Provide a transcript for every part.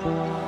Thank you.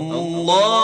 الله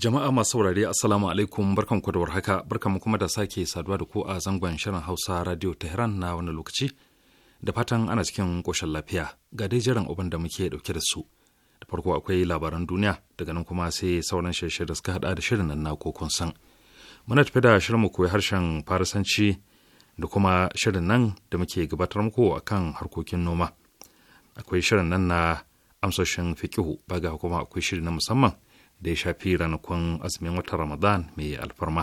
Jama'a masu saurare Assalamu alaikum barkan ku da warhaka barkan kuma da sake saduwa da ku a zangon shirin Hausa Radio Tehran na wani lokaci da fatan ana cikin koshin lafiya ga dai jiran abin da muke dauke da su. Da farko akwai labaran duniya daga nan kuma sai sauran shirye da suka hada da shirin nan na kun san. Muna tafi da shirin mu koyi harshen Farisanci da kuma shirin nan da muke gabatar muku akan harkokin noma. Akwai shirin nan na amsoshin fikihu baga kuma akwai shirin na musamman da ya shafi ranakun azumin watan ramadan mai alfarma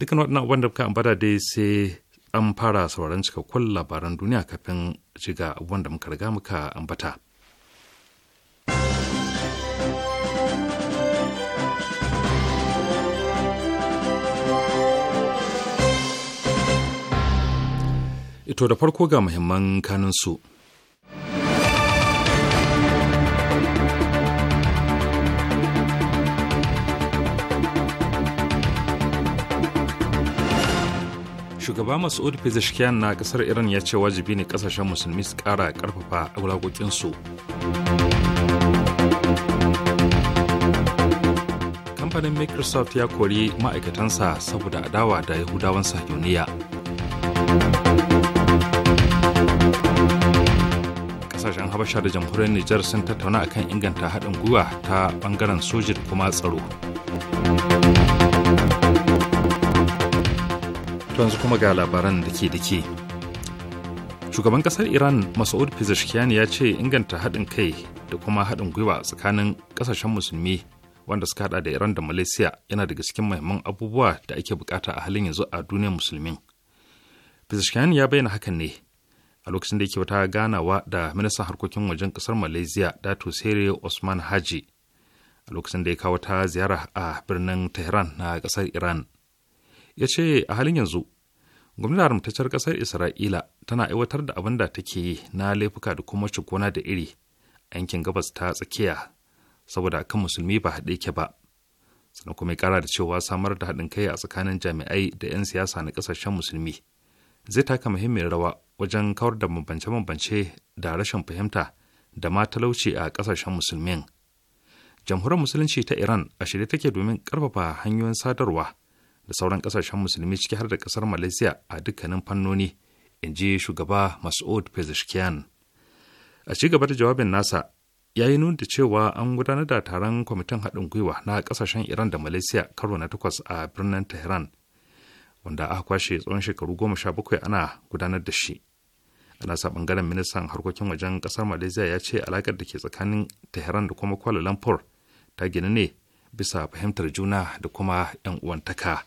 dukkan waɗannan abubuwan da muka ambata dai sai an fara sauran cikakkun labaran duniya kafin shiga abubuwan da muka riga muka ambata ito da farko ga muhimman kanunsu shugaba mas'ud pezeshkian na kasar iran ya ce wajibi ne kasashen musulmi su kara karfafa wulaƙoƙinsu kamfanin microsoft ya kori ma'aikatansa saboda adawa da yahudawan sahiyoniya kasashen habasha da jamhuriyar nijar sun tattauna akan inganta haɗin gwiwa ta ɓangaren soji kuma tsaro to yanzu kuma ga labaran da ke da shugaban kasar iran masaud pezeshkian ya ce inganta haɗin kai da kuma haɗin gwiwa tsakanin ƙasashen musulmi wanda suka haɗa da iran da malaysia yana daga cikin muhimman abubuwa da ake bukata a halin yanzu a duniyar musulmin pezeshkian ya bayyana hakan ne a lokacin da yake wata ganawa da ministan harkokin wajen kasar malaysia dato sere osman haji a lokacin da ya kawo ta ziyara a birnin tehran na kasar iran ya ce a halin yanzu gwamnati haramtacciyar kasar isra'ila tana aiwatar da abin da take yi na laifuka da kuma gona da iri a yankin gabas ta tsakiya saboda kan musulmi ba haɗe ke ba sannan kuma ya ƙara da cewa samar da haɗin kai a tsakanin jami'ai da 'yan siyasa na ƙasashen musulmi zai taka muhimmiyar rawa wajen kawar da bambance-bambance da rashin fahimta da ma talauci a ƙasashen musulmin. Jamhuriyar Musulunci ta Iran a shirye take domin ƙarfafa hanyoyin sadarwa da sauran kasashen musulmi ciki har da kasar malaysia a dukkanin fannoni in ji shugaba mas'ud pezeshkian a ci gaba da jawabin nasa ya yi nuna cewa an gudanar da taron kwamitin haɗin gwiwa na kasashen iran da malaysia karo na takwas a birnin tehran wanda aka kwashe tsawon shekaru goma sha bakwai ana gudanar da shi ana sa bangaren ministan harkokin wajen kasar malaysia ya ce alakar da ke tsakanin tehran da kuma kuala lumpur ta gina ne bisa fahimtar juna da kuma 'yan uwantaka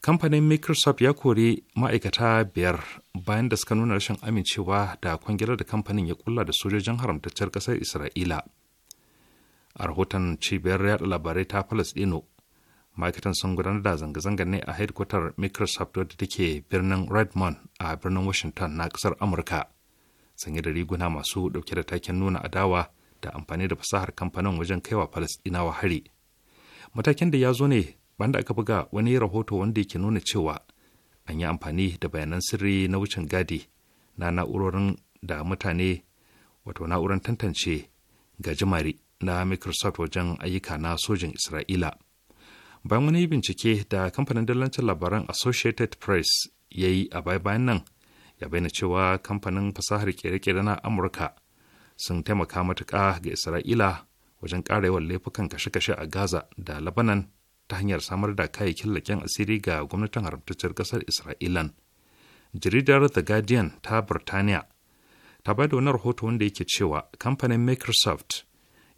kamfanin microsoft ya kori ma'aikata biyar bayan da suka nuna rashin amincewa da kwangilar da kamfanin ya kulla da sojojin haramtaccen ƙasar isra'ila a rahoton cibiyar yada labarai ta dino ma'aikatan sun gudanar da zanga-zanga ne a headquarter microsoft wadda take birnin redmond a birnin washington na ƙasar amurka sanye da riguna masu dauke da taken nuna adawa da amfani da fasahar kamfanin wajen kaiwa palestinawa hari matakin da ya zo ne banda aka buga wani rahoto wanda ke nuna cewa an yi amfani da bayanan sirri na wucin gadi na na'urorin da mutane wato na'urar tantance gajimari na microsoft wajen ayyuka na sojin isra'ila bayan wani bincike da kamfanin dillancin labaran associated press ya yi a baya-bayan nan ya bayyana cewa kamfanin fasahar kere-kere na amurka sun taimaka matuka ga isra'ila wajen ƙara yawan laifukan kashe-kashe a gaza da labanan ta hanyar samar da kayayyakin laƙen asiri ga gwamnatin haramtacciyar ƙasar isra'ilan jaridar the guardian ta birtaniya ta bada wani rahoto wanda yake cewa kamfanin microsoft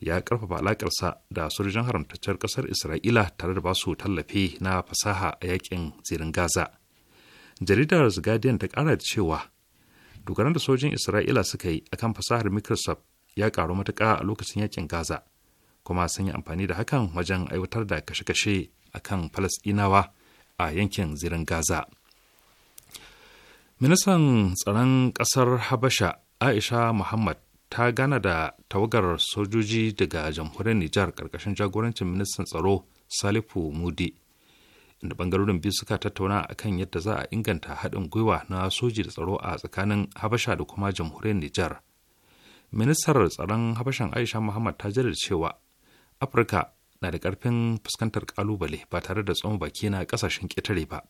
ya karfafa alakarsa da sojojin haramtacciyar ƙasar isra'ila tare da basu tallafi na fasaha a yakin zirin gaza jaridar the guardian ta kara da cewa dogaran da sojojin isra'ila suka yi akan fasahar microsoft ya karu matuka a lokacin yakin gaza kuma sun yi amfani da hakan wajen aiwatar da kashe-kashe a kan falasɗinawa a yankin zirin gaza ministan tsaron ƙasar habasha aisha muhammad ta gana da tawagar sojoji daga jamhuriyar nijar ƙarƙashin jagorancin ministan tsaro salifu mudi inda bangarorin biyu suka tattauna akan yadda za a inganta haɗin gwiwa na soji da tsaro a tsakanin habasha da kuma jamhuriyar nijar ministar tsaron habashan aisha muhammad ta jaddada cewa afirka na da ƙarfin fuskantar ƙalubale ba tare da tsawon baki na ƙasashen ƙetare ba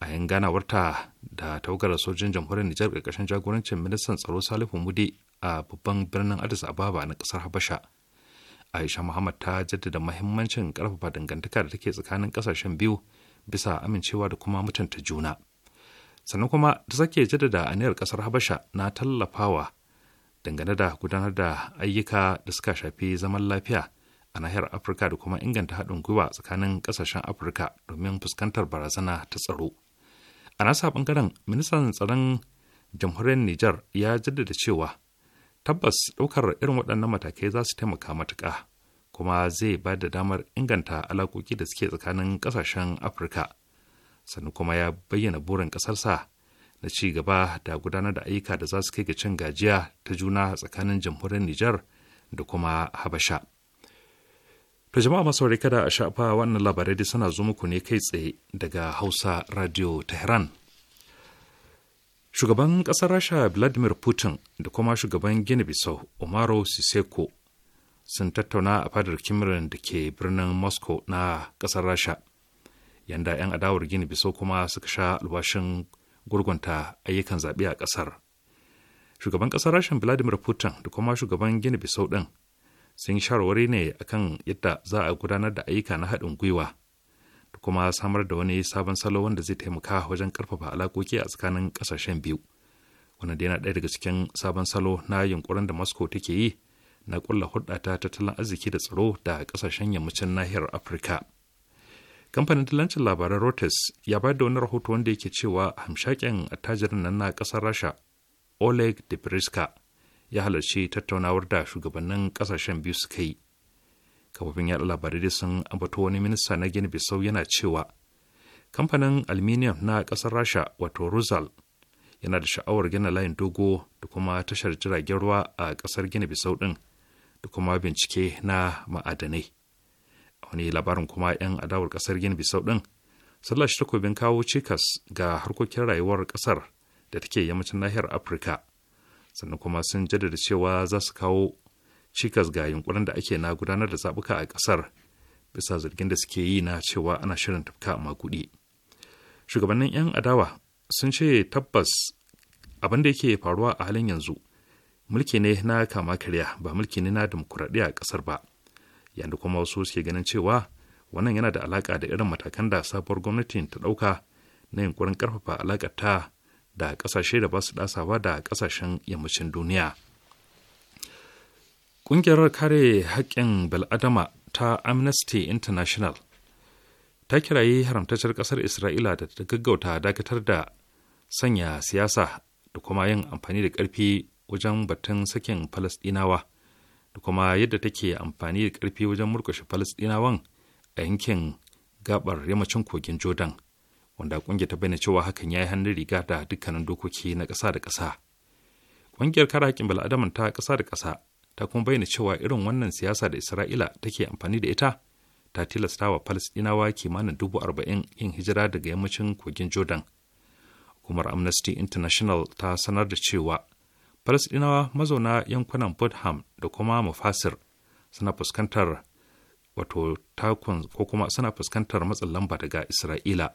a yan ganawarta da tawagar sojin jamhuriyar nijar ƙarƙashin jagorancin ministan tsaro salihu mude a babban birnin addis ababa na ƙasar habasha aisha muhammad ta jaddada mahimmancin ƙarfafa dangantaka da take tsakanin ƙasashen biyu bisa amincewa da kuma mutunta juna sannan kuma ta sake jaddada aniyar ƙasar habasha na tallafawa dangane da gudanar da ayyuka da suka shafi zaman lafiya a nahiyar afirka da kuma inganta haɗin gwiwa tsakanin ƙasashen afirka domin fuskantar barazana ta tsaro a nasa ɓangaren ministan tsaron jamhuriyar nijar ya jaddada cewa tabbas ɗaukar irin waɗannan matakai za su taimaka matuƙa kuma zai ba da damar inganta alaƙoƙi da suke tsakanin ƙasashen afirka sannan kuma ya bayyana burin ƙasarsa na ci gaba da gudanar da ayyuka da za su kai ga cin gajiya ta juna tsakanin jamhuriyar nijar da kuma habasha To jama'a masu kada a shafa wannan labarai da suna zo muku ne kai tsaye daga Hausa Radio Tehran. Shugaban ƙasar Rasha Vladimir Putin da kuma shugaban Gini Bissau Umaru Siseko sun tattauna a fadar kimirin da ke birnin Moscow na ƙasar Rasha. Yanda 'yan adawar Gini Bissau kuma suka sha albashin gurgunta ayyukan zaɓe a ƙasar. Shugaban ƙasar Rasha Vladimir Putin da kuma shugaban Gini Bissau ɗin sun yi shawarwari ne akan yadda za a gudanar da ayyuka na haɗin gwiwa da kuma samar da wani sabon salo wanda zai taimaka wajen ƙarfafa alaƙoƙi a tsakanin ƙasashen biyu wannan yana ɗaya daga cikin sabon salo na yunkurin da moscow take yi na ƙulla hulɗa ta tattalin arziki da tsaro da ƙasashen yammacin nahiyar afirka kamfanin dalancin labaran reuters ya bayar da wani rahoto wanda yake cewa hamshaken attajirin nan na ƙasar rasha oleg de debriska ya halarci tattaunawar da shugabannin kasashen biyu suka yi kafofin yaɗa labarai sun ambato wani minista na gini bisau yana cewa kamfanin aluminium na ƙasar rasha wato rusal yana da sha'awar gina layin dogo da kuma tashar jiragen ruwa a ƙasar gini bisau ɗin da kuma bincike na ma'adanai a wani labarin kuma 'yan adawar ƙasar gini bisau ɗin sun lashe takobin kawo cikas ga harkokin rayuwar ƙasar da take yammacin nahiyar afirka sannan kuma sun jaddada cewa za su kawo cikas ga yunkurin da ake na gudanar da zabuka a kasar bisa zargin da suke yi na cewa ana shirin tafka a maguɗi shugabannin 'yan adawa sun ce tabbas abin da yake faruwa a halin yanzu mulki ne na kama karya ba mulki ne na demokuraɗiyya a kasar ba yanda kuma wasu suke ganin cewa wannan yana da alaƙa da irin matakan da sabuwar gwamnatin ta ɗauka na yunkurin ƙarfafa alaƙar ta da kasashe da ba su dasa ba da kasashen yammacin duniya. Ƙungiyar kare haƙƙin bil'adama ta Amnesty International ta kirayi haramtaccen ƙasar Isra'ila da ta gaggauta dakatar da sanya siyasa da kuma yin amfani da ƙarfi wajen batun sakin Falasɗinawa da kuma yadda take amfani da ƙarfi wajen murƙushe Falasɗinawan a yankin gabar yammacin kogin Jordan. wanda kungiyar ta bayyana cewa hakan ya yi hannun riga da dukkanin dokoki na ƙasa da ƙasa. Ƙungiyar kare haƙƙin bil'adaman ta ƙasa da ƙasa ta kuma bayyana cewa irin wannan siyasa da Isra'ila take amfani da ita ta tilasta wa Falasɗinawa kimanin dubu arba'in yin hijira daga yammacin kogin Jordan. Hukumar Amnesty International ta sanar da cewa Falasɗinawa mazauna yankunan Budham da kuma Mufasir suna fuskantar wato takun ko kuma suna fuskantar matsin lamba daga Isra'ila.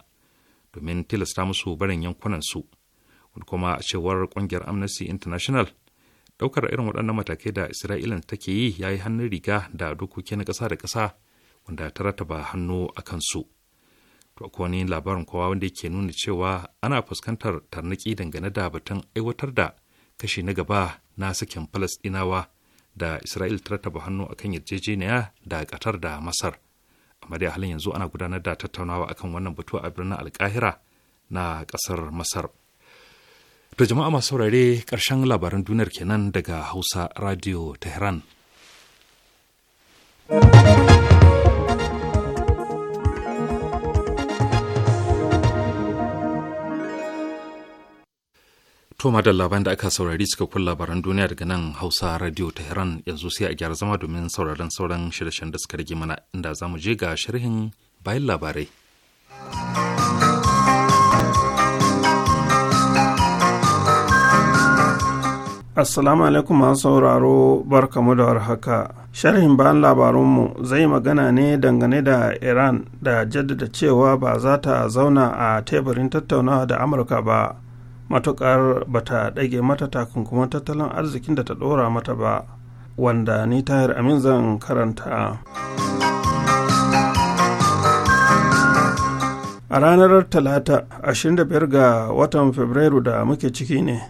domin tilasta musu barin yankunansu kuma a cewar kungiyar amnesty international ɗaukar irin waɗannan matakai da isra'ila take yi ya yi hannun riga da dokoki na ƙasa da ƙasa wanda ta rataba hannu a su to akwai wani labarin kowa wanda yake nuna cewa ana fuskantar tarniki dangane da batun aiwatar da kashi na gaba na sakin falasɗinawa da isra'il ta rataba hannu akan yarjejeniya da ƙatar da masar amma dai halin yanzu ana gudanar da tattaunawa akan wannan batu a birnin alkahira na kasar masar to jama'a masu saurare karshen labaran duniyar kenan daga hausa radio tehran thank you To da labarin da aka saurari suka kun labaran duniya daga nan Hausa Radio Tehran yanzu sai a gyara zama domin sauraron sauran shirye-shiryen da suka rage mana inda za mu je ga sharhin bayan labarai. Assalamu alaikum masu sauraro barkamu da haka Sharhin bayan labarunmu zai magana ne dangane da Iran da jaddada cewa ba za ta zauna a teburin tattaunawa da Amurka ba. matuƙar ta ɗage mata takunkuman tattalin arzikin da ta ɗora mata ba wanda ni tahir amin zan karanta a ranar talata 25 ga watan fabrairu da muke ciki ne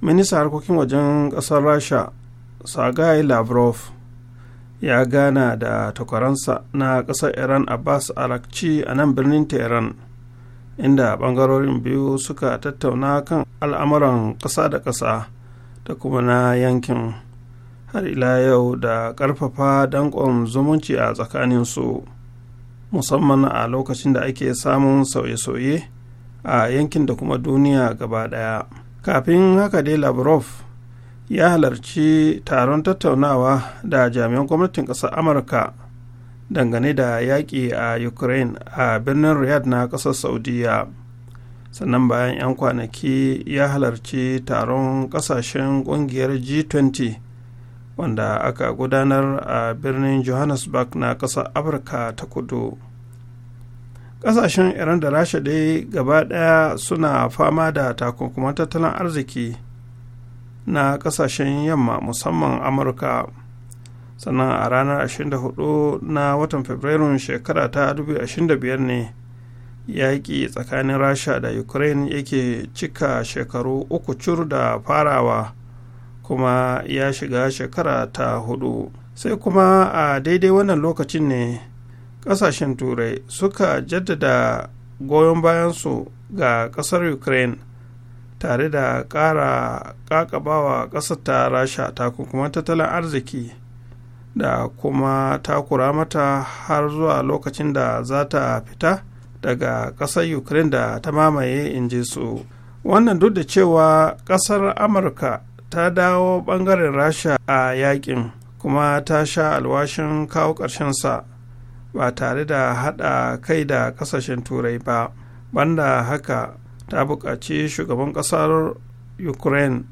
minista harkokin wajen ƙasar rasha sagai lavrov ya gana da takwaransa na ƙasar iran abbas arakci a nan birnin tehran inda bangarorin biyu suka tattauna kan al'amuran ƙasa da ƙasa da kuma na yankin har ila yau da ƙarfafa danƙon zumunci a tsakanin su musamman a lokacin da ake samun sauye-sauye a yankin da kuma duniya gaba ɗaya kafin haka dai labrof ya halarci taron tattaunawa da jami'an gwamnatin ƙasar amurka dangane da yaƙi a ukraine a birnin riyadh na ƙasar saudiya sannan bayan 'yan kwanaki ya halarci taron ƙasashen ƙungiyar g20 wanda aka gudanar a birnin johannesburg na ƙasar afirka ta kudu ƙasashen iran da rasha dai gaba ɗaya suna fama da takunkuman tattalin arziki na ƙasashen yamma musamman amurka sannan a ranar 24 na watan fabrairun shekara ta 2025 ne yaƙi tsakanin rasha da ukraine yake cika shekaru uku cur da farawa kuma ya shiga shekara ta hudu sai kuma a daidai wannan lokacin ne ƙasashen turai suka jaddada goyon bayansu ga ƙasar ukraine tare da ƙara ƙaƙabawa ƙasar ta rasha kuma tattalin arziki da kuma takura mata har zuwa lokacin da za ta fita daga ƙasar ukraine da ta mamaye in ji su wannan duk da cewa ƙasar amurka ta dawo ɓangaren rasha a yakin kuma ta sha alwashin kawo sa ba tare da haɗa kai da ƙasashen turai ba banda haka ta buƙaci shugaban ƙasar ukraine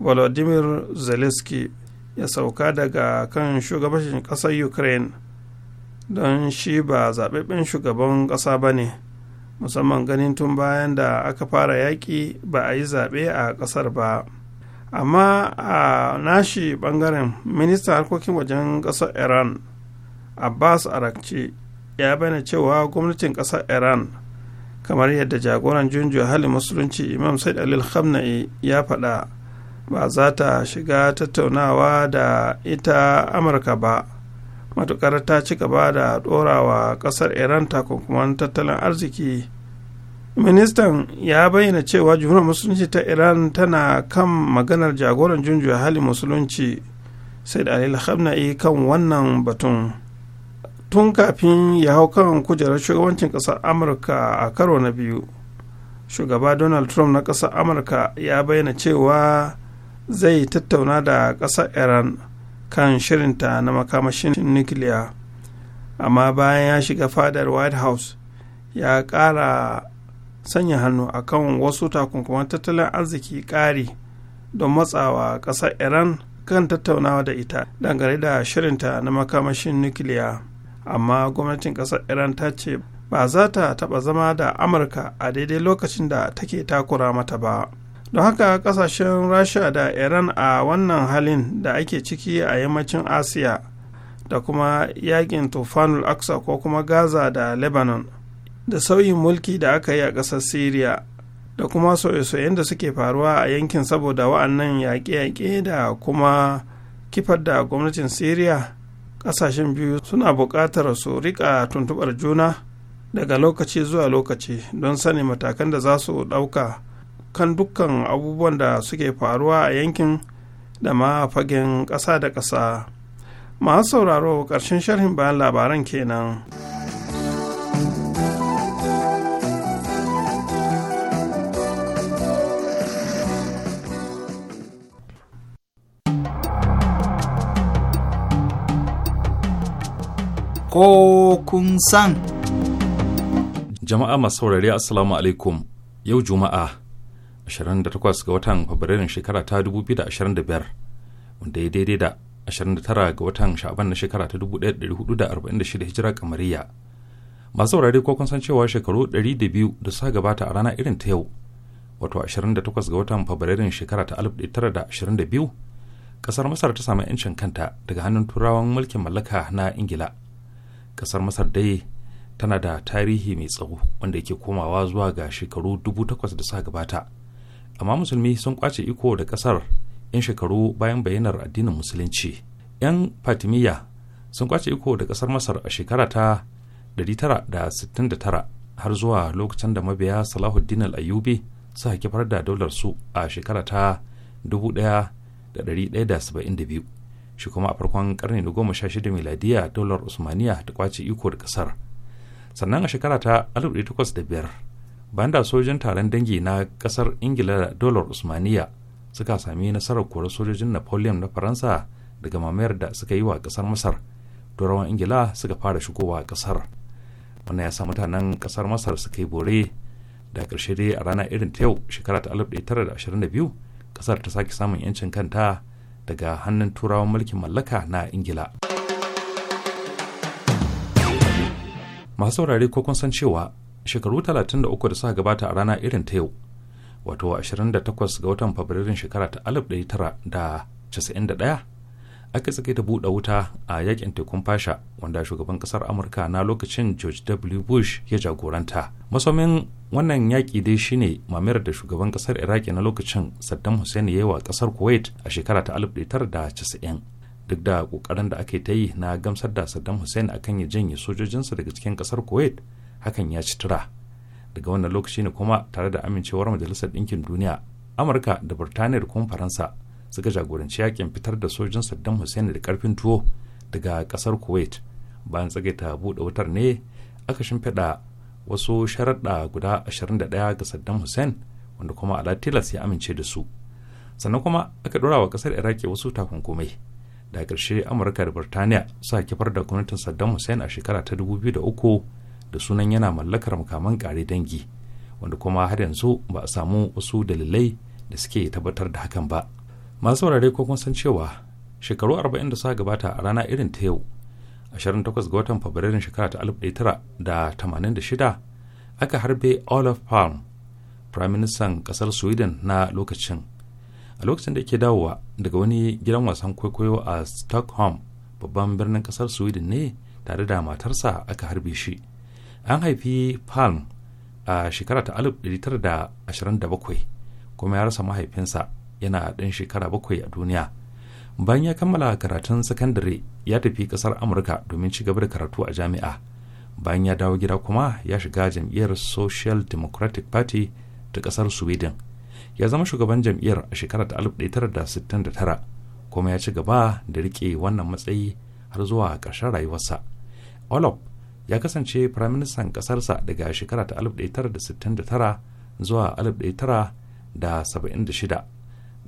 volodymyr zelensky ya sauka daga kan shugabancin ƙasar ukraine don shi ba zaɓaɓɓen shugaban ƙasa ba ne musamman ganin tun bayan da aka fara yaƙi ba a yi zaɓe a ƙasar ba amma a nashi ɓangaren ministan harkokin wajen ƙasar iran abbas arakci ya bayyana cewa gwamnatin ƙasar iran kamar yadda jagoran junjo halin musulunci imam said alil khamna'i ya faɗa ba za ta shiga tattaunawa da ita amurka ba matukar ta ci gaba da ɗorawa ƙasar iran takunkuman tattalin arziki ministan ya bayyana cewa jumhuriyar musulunci ta iran tana kan maganar jagoran junjuya hali musulunci sai da alil khamna'i kan wannan batun tun kafin ya hau kan kujerar shugabancin ƙasar amurka a karo na biyu shugaba donald trump na ƙasar amurka ya bayyana cewa zai tattauna da ƙasar iran kan shirinta na makamashin nukiliya amma bayan ya shiga fadar white house ya ƙara sanya hannu a kan wasu takunkuman tattalin arziki ƙari don matsawa ƙasar iran kan tattaunawa da ita dangane da shirinta na makamashin nukiliya amma gwamnatin ƙasar iran ta ce ba za ta taɓa zama da amurka a daidai lokacin da take takura mata ba don haka kasashen rasha da iran a wannan halin da ake ciki a yammacin asiya da kuma yakin tufanul aksa ko kuma gaza da lebanon da sauyin mulki da aka yi a ƙasar syria da kuma soye-soyen da suke faruwa a yankin saboda wa'annan yaƙe-yaƙe da kuma kifar da gwamnatin syria ƙasashen biyu suna buƙatar su riƙa tuntuɓar juna daga lokaci zuwa lokaci don sani matakan da za su ɗauka kan dukkan abubuwan da suke faruwa a yankin da ma fagen ƙasa da ƙasa masu sauraro ƙarshen sharhin bayan labaran kenan. ko kun san. Jama'a masu saurari Assalamu alaikum yau Juma'a 28 ga watan fabrairun shekara ta 2025 wanda ya daidai da 29 ga watan sha'aban na shekara ta 1446 hijira kamariya masu saurare ko san cewa shekaru 200 da suka gabata a rana irin ta yau wato 28 ga watan fabrairun shekara ta 1922 kasar masar ta sami 'yancin kanta daga hannun turawan mulkin mallaka na ingila kasar masar dai tana da tarihi mai tsawo wanda yake komawa zuwa ga shekaru 8,000 da suka gabata amma musulmi sun kwace iko da kasar yan shekaru bayan bayyanar addinin musulunci yan fatimiyya sun kwace iko da kasar masar a shekara ta 969 har zuwa lokacin da mabiya salahuddin al-ayyubi su hakifar da daular su a shekara ta 1172 shi kuma a farkon karni na goma sha shida miladiya daular usmaniya ta kwace iko da kasar sannan a shekara ta 1805 banda sojin taron dangi na kasar ingila da dolar usmaniya suka sami nasarar kora sojojin napoleon na faransa daga mamayar da suka yi wa kasar masar turawan ingila suka fara shigowa kasar wannan ya sa mutanen kasar masar suka yi bore da karshe dai a rana irin ta yau shekara ta 1922 kasar ta sake samun 'yancin kanta daga hannun turawan mulkin mallaka na ingila masu saurare ko kun san cewa shekaru 33 da suka gabata a rana irin ta yau wato 28 ga watan fabrairun shekara ta 1991 aka tsake ta buɗe wuta a yakin tekun fasha wanda shugaban kasar amurka na lokacin george w bush ya jagoranta masomin wannan yaƙi dai shine mamayar da shugaban kasar iraki na lokacin saddam hussein ya yi wa kasar kuwait a shekara ta 1990 duk da ƙoƙarin da aka yi ta yi na gamsar da saddam hussein akan ya janye sojojinsa daga cikin kasar kuwait hakan ya ci tura daga wannan lokaci ne kuma tare da amincewar majalisar ɗinkin duniya amurka da burtaniya da kuma faransa suka jagoranci yakin fitar da sojin saddam hussein da karfin tuwo daga ƙasar kuwait bayan tsagaita buɗe wutar ne aka shimfiɗa wasu sharaɗa guda 21 ga saddam hussein wanda kuma ala tilas ya amince da su sannan kuma aka ɗora wa ƙasar iraki wasu takunkumai da ƙarshe amurka da burtaniya suka kifar da gwamnatin saddam hussein a shekara ta 2003 da sunan yana mallakar makaman kare dangi wanda kuma har yanzu ba a samu wasu dalilai da suke tabbatar da hakan ba masu saurare ko kun san cewa shekaru 40 da suka gabata a rana irin ta yau 28 ga watan fabrairun shekara ta 1986 aka harbe olaf palm prime minister kasar sweden na lokacin a lokacin da ke dawowa daga wani gidan wasan kwaikwayo a stockholm babban birnin kasar sweden ne tare da matarsa aka harbe shi an haifi palm a shekara ta 1927 kuma ya rasa mahaifinsa yana ɗan shekara bakwai a duniya bayan ya kammala karatun sakandare ya tafi ƙasar amurka domin ci gaba da karatu a jami'a bayan ya dawo gida kuma ya shiga jam'iyyar social democratic party ta ƙasar sweden ya zama shugaban jam'iyyar a shekara ta 1969 kuma ya ci gaba da riƙe wannan matsayi har zuwa ƙarshen rayuwarsa olaf ya kasance firaministan ƙasarsa daga shekara ta 1969 zuwa 1976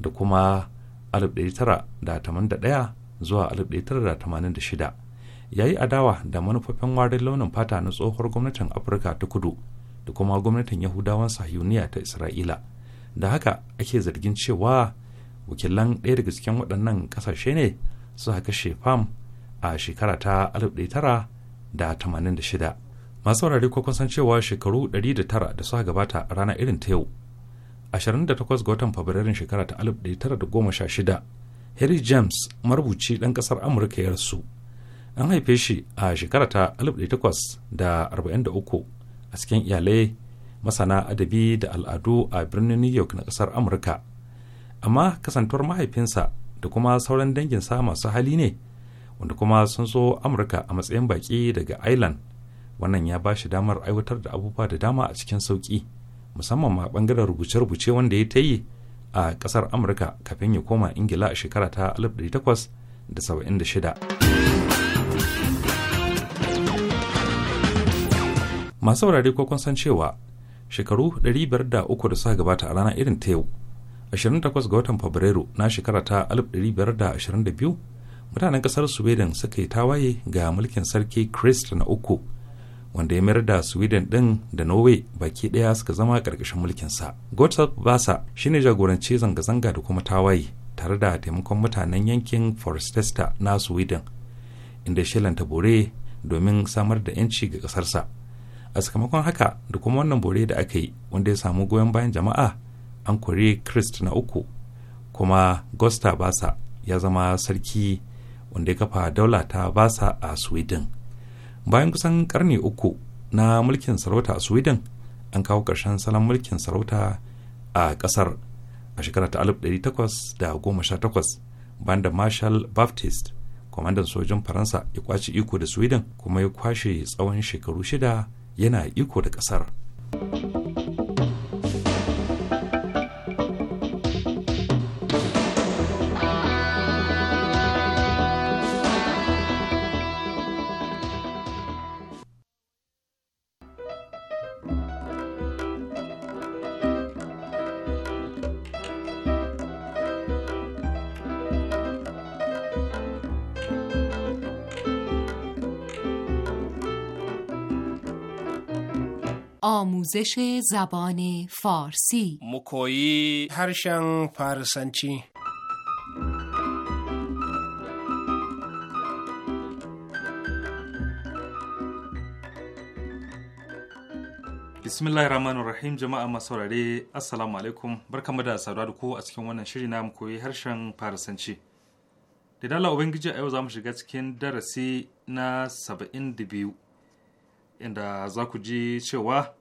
da kuma 1981 zuwa 1986 ya yi adawa da manufofin warin launin fata na tsohuwar gwamnatin afirka ta kudu da kuma gwamnatin yahudawan sahiyuniya ta isra'ila da haka ake zargin cewa wakilan ɗaya daga cikin waɗannan ƙasashe ne suka kashe fam a shekara ta 1900 da 86 masu saurare ko kun san cewa shekaru 109 da suka gabata a rana irin ta yau 28 ga watan fabrairun shekara ta 1916 harry james marubuci ɗan ƙasar amurka ya rasu an haife shi a shekara ta 1843 a cikin iyalai masana adabi da al'adu a birnin new york na ƙasar amurka amma kasantuwar mahaifinsa da kuma sauran danginsa masu hali ne wanda kuma sun so amurka a matsayin baki daga ireland wannan ya ba shi damar aiwatar da abubuwa da dama a cikin sauki musamman ma bangaren rubuce-rubuce wanda ya ta yi a ƙasar amurka kafin ya koma ingila a shekara ta 1876 masu wurare ko kun san cewa shekaru 503 da suka gabata a ranar irin ta yau 28 ga watan fabrairu na shekara ta mutanen kasar sweden suka yi tawaye ga mulkin sarki christ na uku wanda ya mayar da sweden din da norway baki daya suka zama karkashin mulkinsa gotthard vasa shine jagoranci zanga-zanga da kuma tawaye tare da taimakon mutanen yankin forestesta na sweden inda shilanta bore domin samar da 'yanci ga kasarsa a sakamakon haka da kuma wannan bore da aka yi wanda ya samu goyon bayan jama'a an kore christ na uku kuma gosta basa ya zama sarki wanda ya kafa daula ta basa a sweden bayan kusan karni uku na mulkin sarauta a sweden an kawo ƙarshen salon mulkin sarauta a ƙasar a shekara ta 1818 bayan da marshal baptist kwamandan sojin faransa ya kwace iko da sweden kuma ya kwashe tsawon shekaru shida yana iko da ƙasar آموزش زبان فارسی مکویی هرشن فارسنچی bismillahir rahmanir rahim jama'a masu saurare assalamu alaikum barkamu da saduwa da ku a cikin wannan shirin na mu koyi harshen farisanci da dala ubangiji a yau za mu shiga cikin darasi na saba'in da biyu inda za ku ji cewa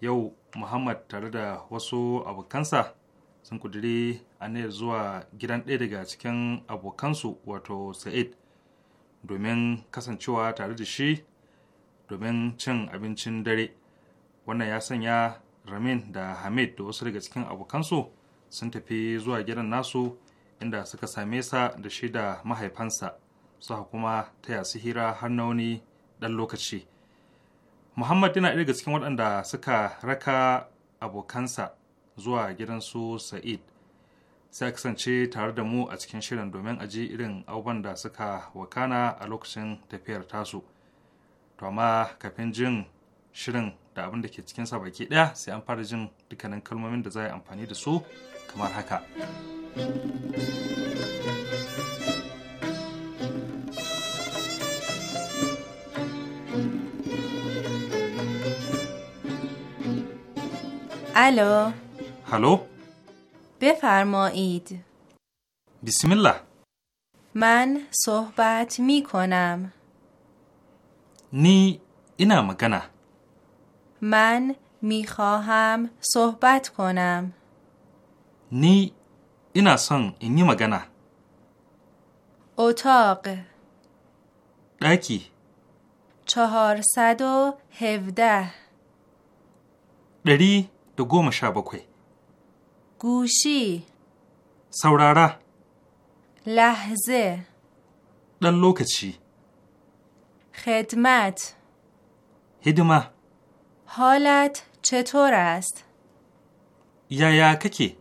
yau muhammad tare da wasu abokansa sun kudiri aniyar zuwa gidan ɗaya daga cikin abokansu wato sa'id domin kasancewa tare da shi domin cin abincin dare wannan ya sanya ramin da hamid da wasu daga cikin abokansu sun tafi zuwa gidan nasu inda suka same sa da shi da mahaifansa suka kuma taya su hira har na ɗan lokaci muhammad yana daga cikin waɗanda suka raka abokansa zuwa gidan su sa'id sai kasance tare da mu a cikin shirin domin a ji irin abubuwan da suka wakana a lokacin tafiyar tasu to amma kafin jin shirin da abin da ke cikinsa baki ɗaya sai an fara jin dukkanin kalmomin da za a yi amfani da su kamar haka. الو هلو بفرمایید بسم الله من صحبت می کنم نی اینا مگنه من می خواهم صحبت کنم نی اینا سن اینی مگنه اتاق اکی چهارصد و هفده دری da goma sha bakwai. Gushi. Saurara. خدمت هدما حالت چطور است؟ یا یا ککی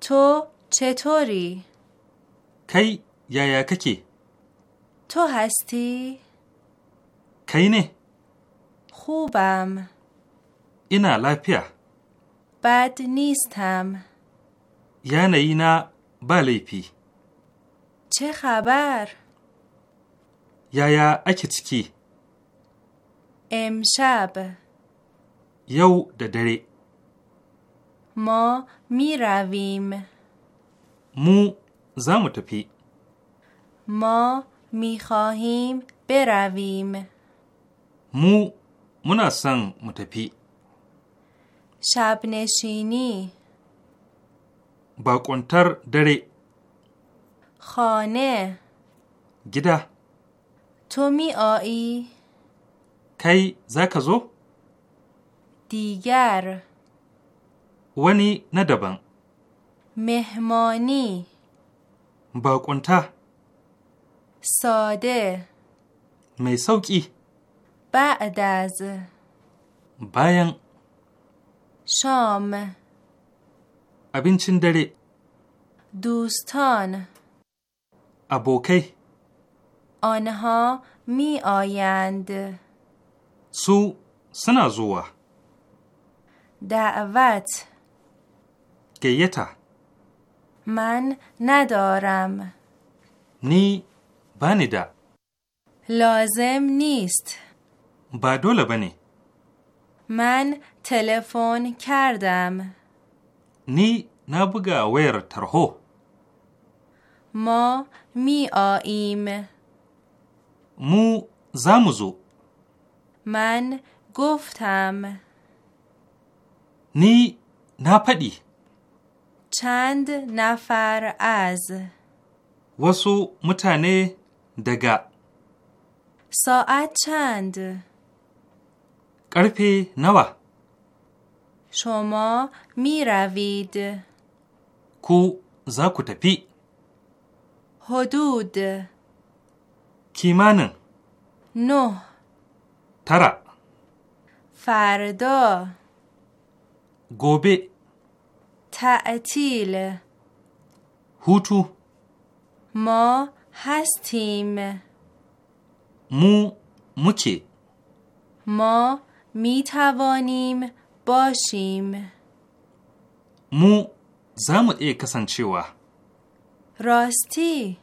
تو چطوری؟ کی یا یا ککی تو هستی؟ کی نه؟ خوبم اینا لپیه بد نیستم یعنی بله پی چه خبر؟ یا یایا اکتکی امشب یو ددره ما می رویم مو زمو تپی ما می خواهیم برویم مو مناسن متپی Shab'ne shi ni. dare. Hone. Gida. Tumi o'i. Kai zaka zo? Digar. Wani na daban. Mehmoni. Baƙunta. Sode. Me sauƙi. Ba a daze. Bayan. شام ابین چندری؟ دوستان ابوکی آنها می آیند سو سنا زوا دعوت گیتا من ندارم نی بانیدا لازم نیست با بنی من تلفن کردم نی نبگا ویر ترهو ما می آییم مو زمزو من گفتم نی نپدی چند نفر از وسو متانه دگا ساعت چند قرفه نوا شما می روید کو زاکو تپی حدود کیمان نه ترا فردا گوبه تعطیل هوتو ما هستیم مو مکی. ما می توانیم باشیم مو زامو ای کسان چیوا راستی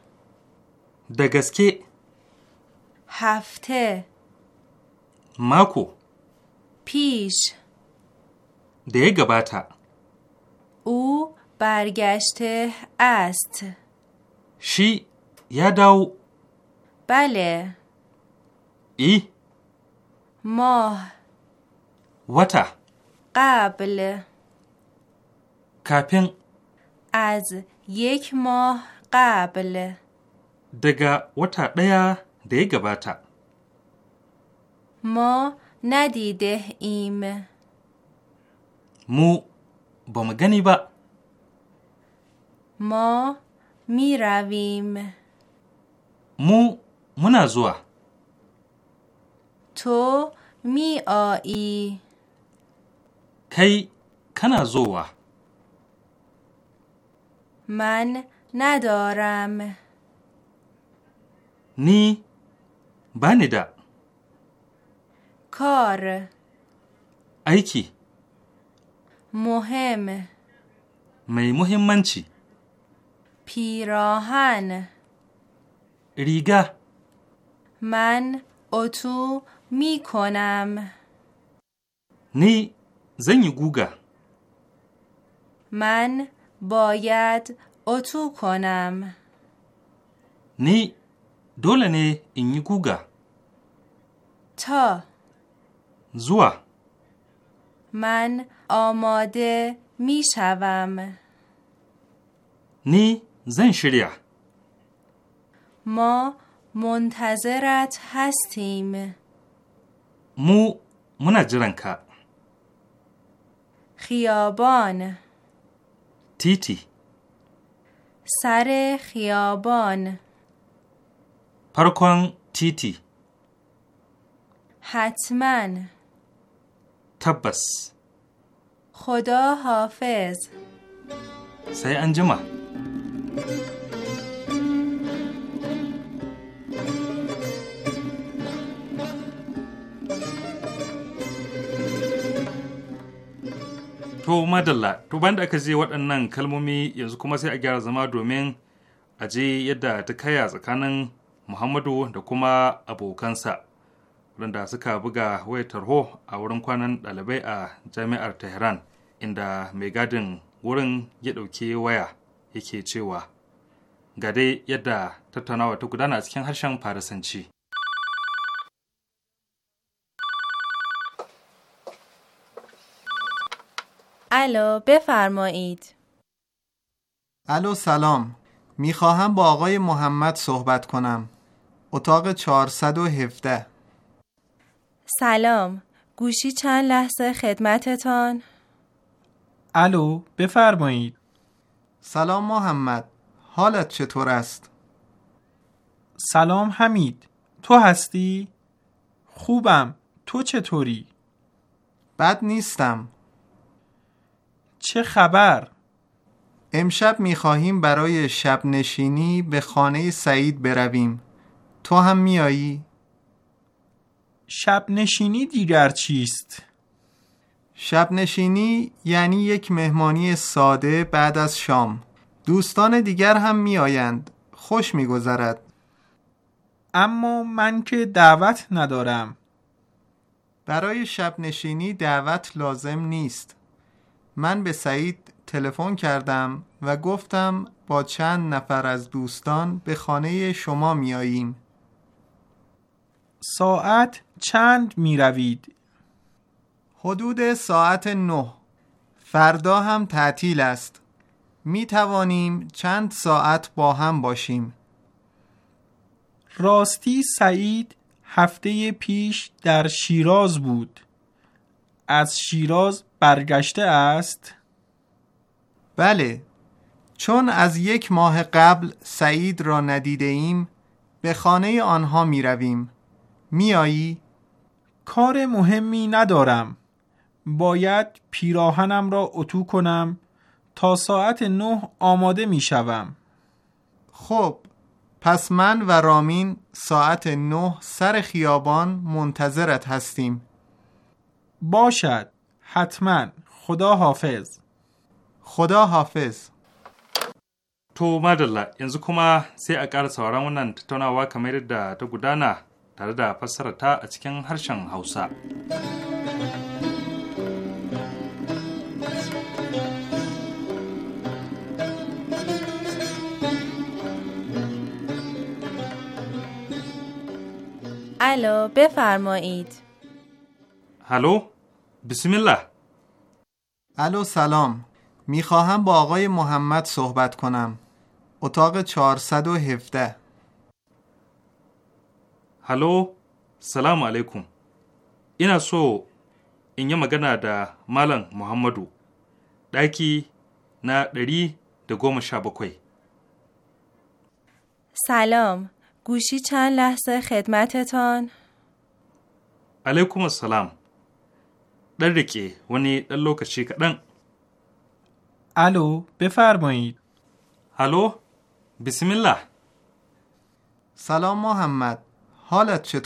دگسکی هفته ماکو پیش ده گباتا او برگشته است شی یا داو بله ای ماه وتا قبل کپن از یک ماه قبل دگا وتا دیا دیگه باتا ما ندیده ایم مو با مگنی با ما می رویم مو منازوه تو می آیی کی کنا زووا من ندارم نی بانی کار. کار ایکی مهم می مهم من چی پیراهن ریگه من اتو می کنم نی زن گوگا من باید اتو کنم. نی دوله نی این گوگا تا زوا من آماده می شوم. نی زن شریا. ما منتظرت هستیم. مو که خیابان تیتی سر خیابان پرکن تیتی حتما تبس خدا حافظ سی انجمه To madalla, to bayan da aka je waɗannan kalmomi yanzu kuma sai a gyara zama domin a je yadda ta kaya tsakanin Muhammadu da kuma abokansa waɗanda suka buga wayar tarho a wurin kwanan ɗalibai a jami'ar Tehran inda mai gadin wurin ya ɗauke waya yake cewa ga dai yadda tattaunawa ta gudana a cikin harshen Farisanci. الو بفرمایید الو سلام میخواهم با آقای محمد صحبت کنم اتاق 417 سلام گوشی چند لحظه خدمتتان الو بفرمایید سلام محمد حالت چطور است؟ سلام حمید تو هستی؟ خوبم تو چطوری؟ بد نیستم چه خبر؟ امشب خواهیم برای شب نشینی به خانه سعید برویم تو هم میایی؟ شب نشینی دیگر چیست؟ شب نشینی یعنی یک مهمانی ساده بعد از شام دوستان دیگر هم میآیند خوش میگذرد اما من که دعوت ندارم برای شب نشینی دعوت لازم نیست من به سعید تلفن کردم و گفتم با چند نفر از دوستان به خانه شما میاییم ساعت چند می روید؟ حدود ساعت نه فردا هم تعطیل است می توانیم چند ساعت با هم باشیم راستی سعید هفته پیش در شیراز بود از شیراز برگشته است؟ بله چون از یک ماه قبل سعید را ندیده ایم به خانه آنها می رویم میایی؟ کار مهمی ندارم باید پیراهنم را اتو کنم تا ساعت نه آماده می شوم خب پس من و رامین ساعت نه سر خیابان منتظرت هستیم باشد حتما خدا حافظ خدا حافظ To madalla yanzu kuma sai a ƙara sauran wannan tattaunawa kamar yadda ta gudana tare da fassara a cikin harshen Hausa. الو بفرمایید هلو بسم الله الو سلام میخواهم با آقای محمد صحبت کنم اتاق 417 هلو سلام علیکم اینا سو این یه magana da محمدو محمدو ɗaki نا دری da goma سلام گوشی چند لحظه خدمتتان علیکم السلام ɗan rike wani ɗan lokaci kaɗan. Alo, bi farmai. Halo, bismillah. Salam Muhammad, halat ce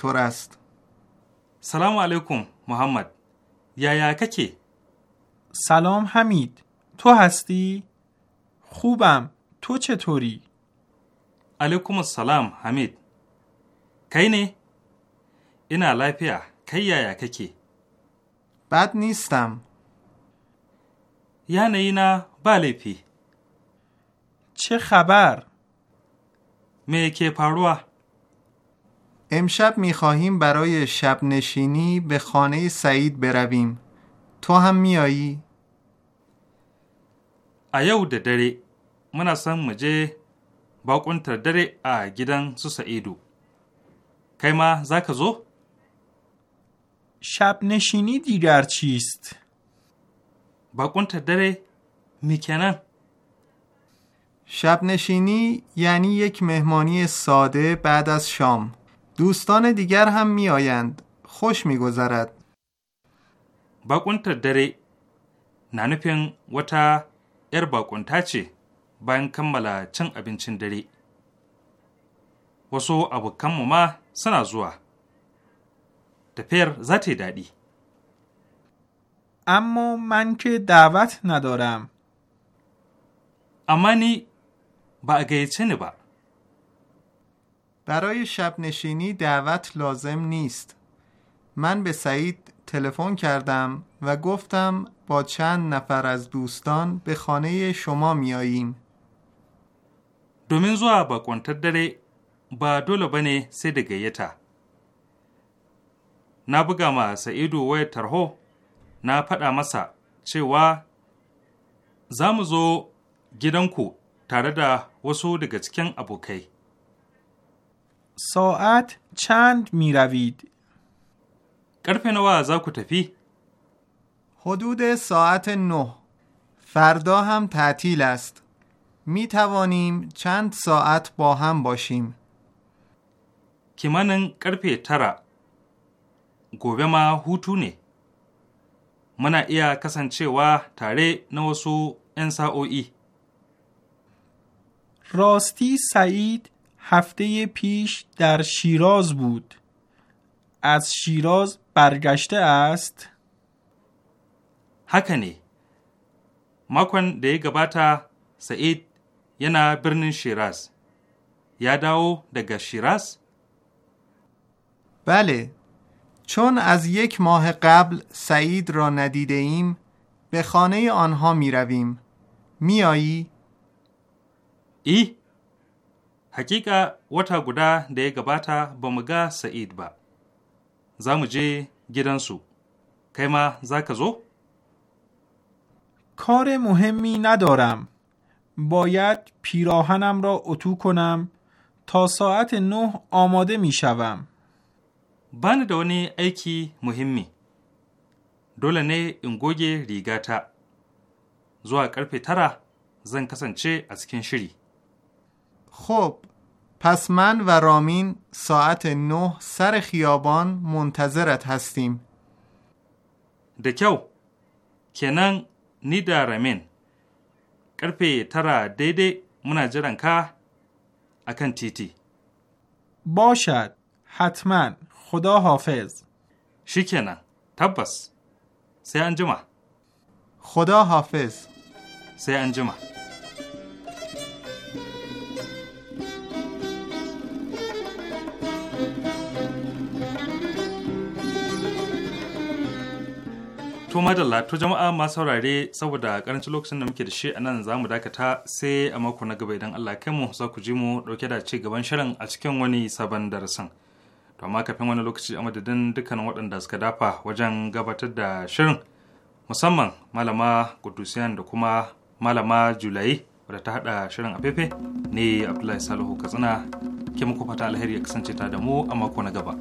Salamu alaikum, Muhammad. Yaya kake? Salam Hamid, to hasti? Khubam, to ce tori. Alaikum salam Hamid. Kai ne? Ina lafiya, kai yaya kake? بد نیستم یعنی اینا بله پی چه خبر؟ میکی پروه امشب میخواهیم برای شب نشینی به خانه سعید برویم تو هم میایی؟ ایو ده دره من اصلا مجه باقون تر دره آگیدن سو سعیدو که ما زو؟ شب نشینی دیگر چیست؟ باقون داره میکنم. شب نشینی یعنی یک مهمانی ساده بعد از شام دوستان دیگر هم میآیند خوش میگذرد باقون داره و وتا ار باقون چه bayan kammala cin abincin dare. Wasu abokanmu ma suna zuwa. تپر زتی دادی اما من که دعوت ندارم امانی با چه با برای شب نشینی دعوت لازم نیست من به سعید تلفن کردم و گفتم با چند نفر از دوستان به خانه شما میاییم دومین زوا با کنتر داره با دولو بنه سه دگیتا na buga ma sa'idu wayar tarho na faɗa masa cewa za mu zo gidanku tare da wasu daga cikin abokai. Sa'at chand mi ravid. Karfe nawa za ku tafi? حدود ساعت نه فردا هم تعطیل است می توانیم چند ساعت با هم باشیم کمانن کرپه gobe ma hutu ne. Muna iya kasancewa tare na wasu ‘yan sa'o'i. راستی سعید هفته پیش در شیراز بود از haka ne makon da ya gabata sa'id yana birnin shiraz ya dawo daga shiraz bale چون از یک ماه قبل سعید را ندیده ایم به خانه آنها می رویم آیی؟ ای حقیقا وتا گدا ده گباتا بمگا سعید با زمو جه که کی ما کار مهمی ندارم باید پیراهنم را اتو کنم تا ساعت نه آماده می شوم. bani da wani aiki muhimmi. Dole ne in goge rigata. Zuwa karfe tara zan kasance a cikin shiri. خب پس من و رامین ساعت نه سر خیابان منتظرت هستیم دکو کنن نی دا رامین کرپه ترا دیده منا که اکن تیتی باشد حتما خدا حافظ شیکنه تبس سه انجمه خدا حافظ سه انجمه To madalla to jama'a masu saurare saboda karancin lokacin da muke da shi a nan za mu dakata sai a mako na gaba idan Allah kai mu za ku ji mu dauke da ci gaban shirin a cikin wani sabon darasin. to amma kafin wani lokaci a madadin dukkanin waɗanda suka dafa wajen gabatar da shirin musamman malama gudusiyan da kuma malama julai wadda ta haɗa shirin a fefe ne abdullahi salihu katsina ke muku fata alheri ya kasance ta da mu a mako na gaba.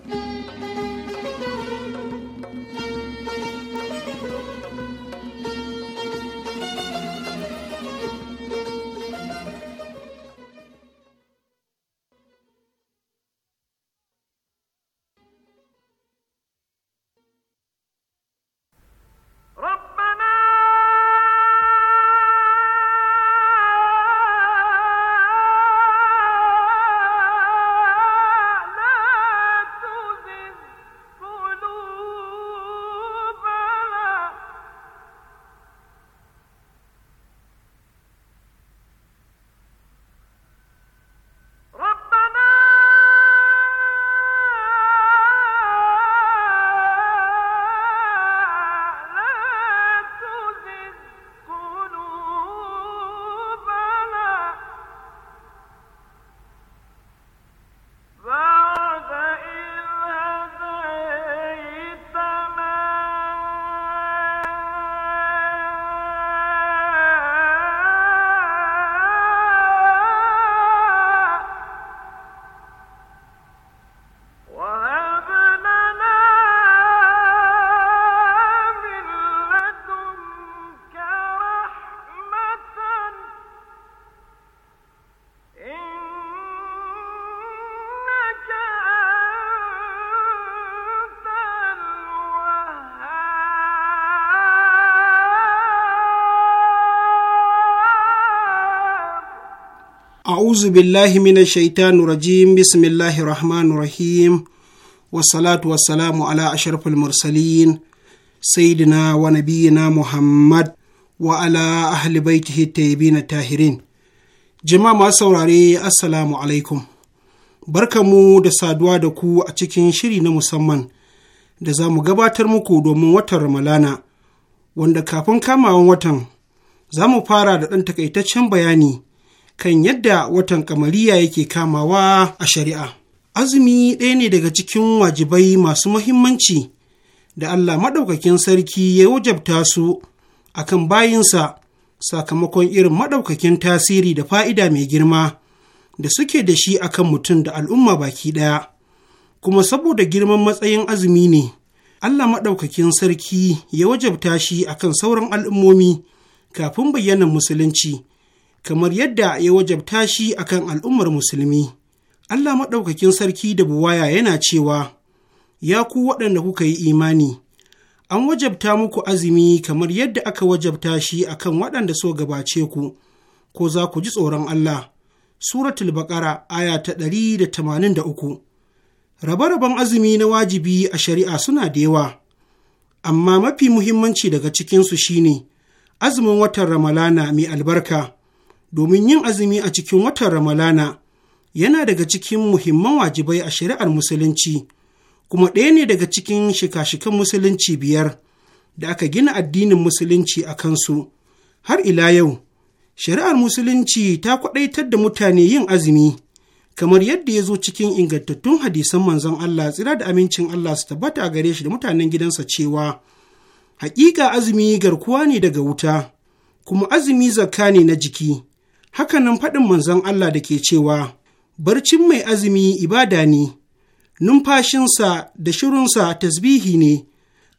a'uzu billahi mina shaitanu rajim bismillahi rahmanu rahim wasalatu wasalamu ala asharfil mursalin saidina wa nabiyina muhammad wa ala ahli baitihi na tahirin jama'a ma saurare assalamu alaikum mu da saduwa da ku a cikin shiri na musamman da za mu gabatar muku domin watan ramalana wanda kafin kamawan watan za mu fara da ɗan takaitaccen bayani kan yadda watan kamariya yake kamawa a shari'a. Azumi ɗaya ne daga cikin wajibai masu muhimmanci da Allah maɗaukakin sarki ya wajabta su a kan bayinsa sakamakon irin maɗaukakin tasiri da fa'ida mai girma da suke da shi a kan mutum da al'umma baki ɗaya. Kuma saboda girman matsayin azumi ne, Allah maɗaukakin sarki ya wajabta shi a kan sauran al'ummomi kafin bayyana musulunci. kamar yadda ya wajabta shi a kan al'ummar musulmi. Allah maɗaukakin sarki da buwaya yana cewa, Ya ku waɗanda kuka yi imani, an wajabta muku azumi kamar yadda aka wajabta shi a kan waɗanda so gabace ku, ko za ku ji tsoron Allah. Suratul Baƙara aya ta ɗari da tamanin da uku. Rabe-raben azumi na wajibi a shari'a suna da yawa, amma mafi muhimmanci daga cikinsu shine azumin watan Ramalana mai albarka. domin yin azumi a cikin watan Ramalana yana daga cikin muhimman wajibai a shari'ar Musulunci, kuma ɗaya ne daga cikin shika-shikan Musulunci biyar da aka gina addinin Musulunci a kansu. Har ila yau, shari'ar Musulunci ta kwaɗaitar da mutane yin azumi, kamar yadda ya zo cikin ingantattun hadisan manzon Allah tsira da amincin Allah su tabbata a gare shi da mutanen gidansa cewa, Hakika azumi garkuwa ne daga wuta, kuma azumi zakka ne na jiki. Hakanan faɗin manzon Allah da ke cewa, Barcin mai azumi ibada ne, numfashinsa da shirunsa tasbihi ne,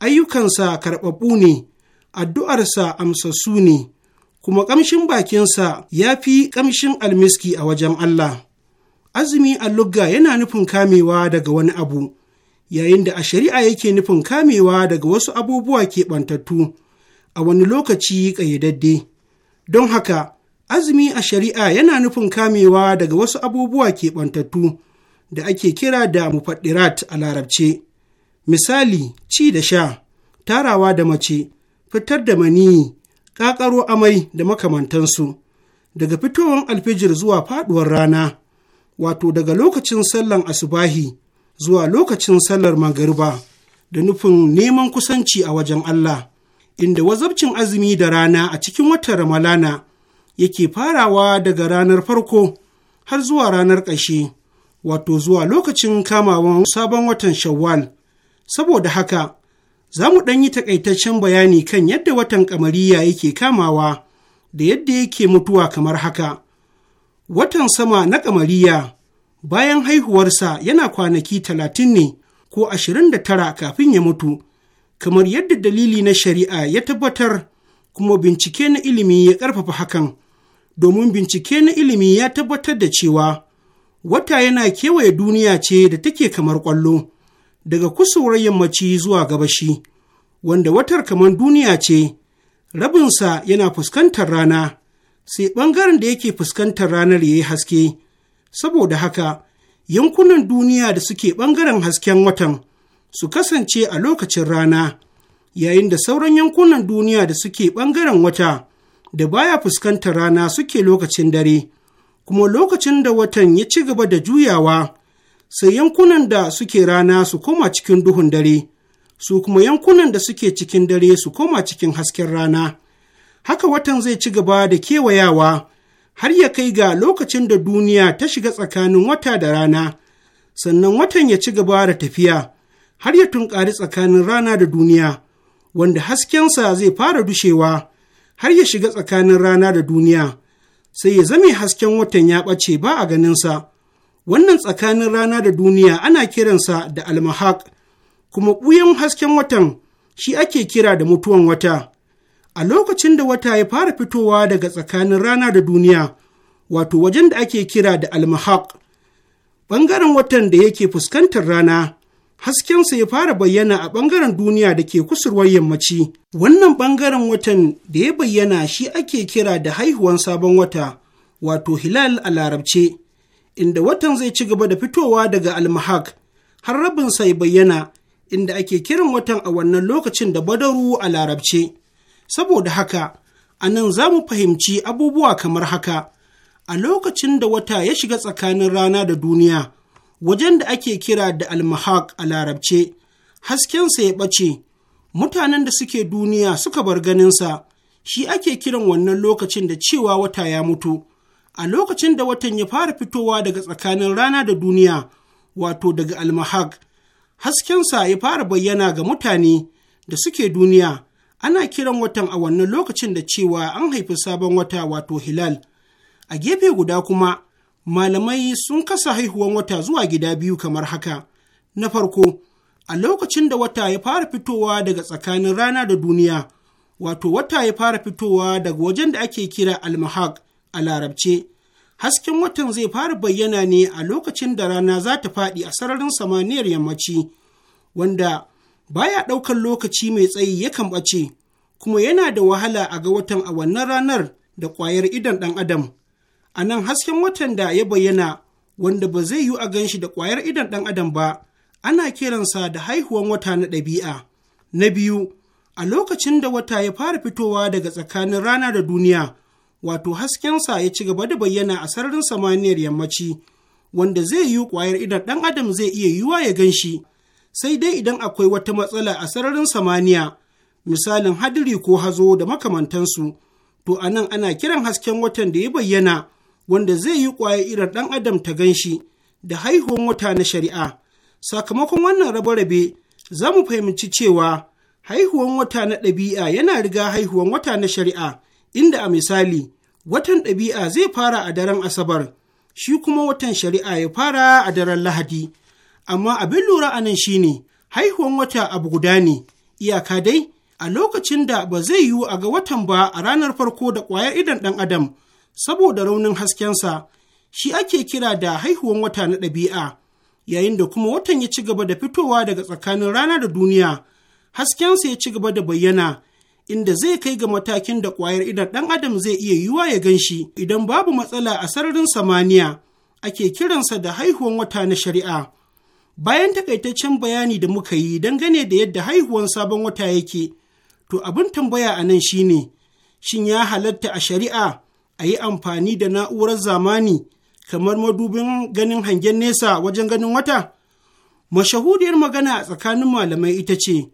ayyukansa karɓaɓɓu ne, addu'arsa amsassu ne, kuma ƙamshin bakinsa ya fi ƙamshin almiski a wajen Allah. Azumi a yana nufin kamewa daga wani abu, yayin da a shari'a yake nufin kamewa daga wasu abubuwa ke ɓantattu a wani lokaci ƙayyadadde. Don haka, Azumi a shari'a yana nufin kamewa daga wasu abubuwa keɓantattu da ake kira da mufaddirat a larabce. Misali, ci da sha, tarawa da mace, fitar da maniyi, ƙaƙaro amai da makamantansu. Daga fitowar alfijir zuwa faɗuwar rana, wato daga lokacin sallar asubahi zuwa lokacin sallar magariba, da nufin neman kusanci a wajen Allah, inda wazabcin azumi da rana a cikin watan Ramalana. yake farawa daga ranar farko har zuwa ranar ƙashi, wato zuwa lokacin kamawan sabon watan Shawwal. Saboda haka, za mu ɗan yi taƙaitaccen bayani kan yadda watan ƙamariya yake kamawa da yadda yake mutuwa kamar haka. Watan sama na ƙamariya, bayan haihuwarsa yana kwanaki talatin ne ko ashirin da tara kafin ya mutu, kamar yadda dalili na shari'a ya tabbatar kuma bincike na ilimi ya ƙarfafa hakan. domin bincike na ilimi ya tabbatar da cewa wata yana kewaye duniya ce da take kamar ƙwallo daga kusurar yammaci zuwa gabashi wanda watar kamar duniya ce rabinsa yana fuskantar rana sai ɓangaren da yake fuskantar ranar ya yi haske saboda haka yankunan duniya da suke ɓangaren hasken watan su kasance a lokacin rana yayin da sauran yankunan duniya da suke ɓangaren wata da baya fuskantar rana suke lokacin dare, kuma lokacin da watan ya ci gaba da juyawa, sai yankunan da suke rana su koma cikin duhun dare, su kuma yankunan da suke cikin dare su koma cikin hasken rana. Haka watan zai ci gaba da kewayawa har ya kai ga lokacin da duniya ta shiga tsakanin wata da rana, sannan watan ya ci gaba da tafiya har ya tunƙari tsakanin rana da duniya, wanda haskensa zai fara dushewa. har ya shiga tsakanin rana da duniya sai ya zame hasken watan ya ɓace ba a ganinsa wannan tsakanin rana da duniya ana kiransa da almahak kuma ɓuyan hasken watan shi ake kira da mutuwan wata a lokacin da wata ya fara fitowa daga tsakanin rana da duniya wato wajen da ake kira da almahak ɓangaren watan da yake fuskantar rana Hasken sa ya fara bayyana a ɓangaren duniya da ke kusurwar yammaci. Wannan ɓangaren watan da ya bayyana shi ake kira da haihuwan sabon wata, wato hilal a larabce, inda watan zai ci gaba da fitowa daga almahak, har rabinsa ya bayyana, inda ake kiran watan a wannan lokacin da badaru a larabce. Saboda haka, a nan za mu fahimci abubuwa kamar haka, a lokacin da wata ya shiga tsakanin rana da duniya. wajen da ake kira da almahak a larabce haskensa ya ɓace mutanen da suke duniya suka bar ganinsa shi ake kiran wannan lokacin da cewa wata ya mutu a lokacin da watan ya fara fitowa daga tsakanin rana da duniya wato daga almahak haskensa ya fara bayyana ga mutane da suke duniya ana kiran watan a wannan lokacin da cewa an haifi sabon wata wato hilal a gefe guda kuma malamai sun kasa haihuwan wata zuwa gida biyu kamar haka. Na farko, a lokacin da wata ya fara fitowa daga tsakanin rana da duniya, wato wata ya fara fitowa daga wajen da ake kira almahak a larabce. Hasken watan zai fara bayyana ne a lokacin da rana za ta faɗi a sararin samaniyar yammaci, wanda baya ɗaukar lokaci mai tsayi yakan ɓace, kuma yana da wahala a ga watan a wannan ranar da ƙwayar idon ɗan adam. a nan hasken watan da ya bayyana wanda ba zai yiwu a ganshi da ƙwayar idon ɗan adam ba ana kiransa da haihuwan wata na ɗabi'a na biyu a lokacin da wata ya fara fitowa daga tsakanin rana da duniya wato haskensa ya ci gaba da bayyana a sararin samaniyar yammaci wanda zai yiwu ƙwayar idon ɗan adam zai iya yiwuwa ya ganshi sai dai idan akwai wata matsala a sararin samaniya misalin hadiri ko hazo da makamantansu to anan ana kiran hasken watan da ya bayyana wanda zai yi ƙwaye irin ɗan adam ta ganshi da haihuwan wata na shari'a sakamakon wannan rabe-rabe za mu fahimci cewa haihuwan wata na ɗabi'a yana riga haihuwan wata na shari'a inda a misali watan ɗabi'a zai fara a daren asabar shi kuma watan shari'a ya fara a daren lahadi amma abin lura a nan shine haihuwan wata abu guda ne iyaka dai a lokacin da ba zai yiwu a ga watan ba a ranar farko da ƙwayar idan ɗan adam saboda raunin haskensa shi ake kira da haihuwan wata na ɗabi'a yayin da kuma watan ya ci gaba da fitowa daga tsakanin rana da duniya haskensa ya ci gaba da bayyana inda zai kai ga matakin da ƙwayar idan ɗan adam zai iya yiwa ya gan shi idan babu matsala a sararin samaniya ake kiransa da haihuwan wata na shari'a bayan takaitaccen bayani da muka yi dangane da yadda haihuwan sabon wata yake to abin tambaya a nan shine shin ya halatta a shari'a a yi amfani da na'urar zamani kamar madubin ganin hangen nesa wajen ganin wata? Mashahudiyar magana a tsakanin malamai ita ce,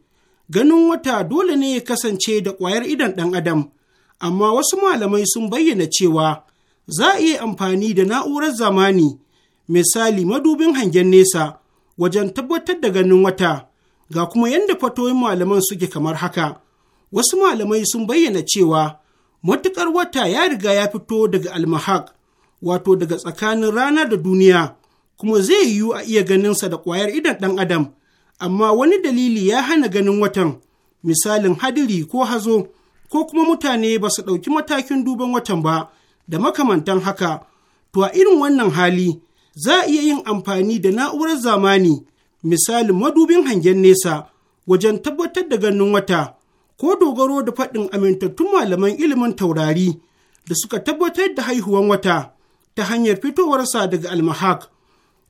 ganin wata dole ne ya kasance da ƙwayar idon ɗan adam, amma wasu malamai sun bayyana cewa za a iya amfani da na'urar zamani, misali madubin hangen nesa, wajen tabbatar da ganin wata, ga kuma yadda fatoyin malaman suke kamar haka. Wasu malamai sun bayyana cewa matuƙar wata ya riga ya fito daga almahak wato daga tsakanin rana da duniya kuma zai yiwu a iya ganinsa da ƙwayar idan ɗan adam amma wani dalili ya hana ganin watan misalin hadiri ko hazo ko kuma mutane ba su ɗauki matakin duban watan ba da makamantan haka to a irin wannan hali za a iya yin amfani da na'urar zamani misalin madubin hangen nesa wajen tabbatar da ganin wata ko dogaro da faɗin amintattun malaman ilimin taurari da suka tabbatar da haihuwan wata ta hanyar fitowarsa daga almahak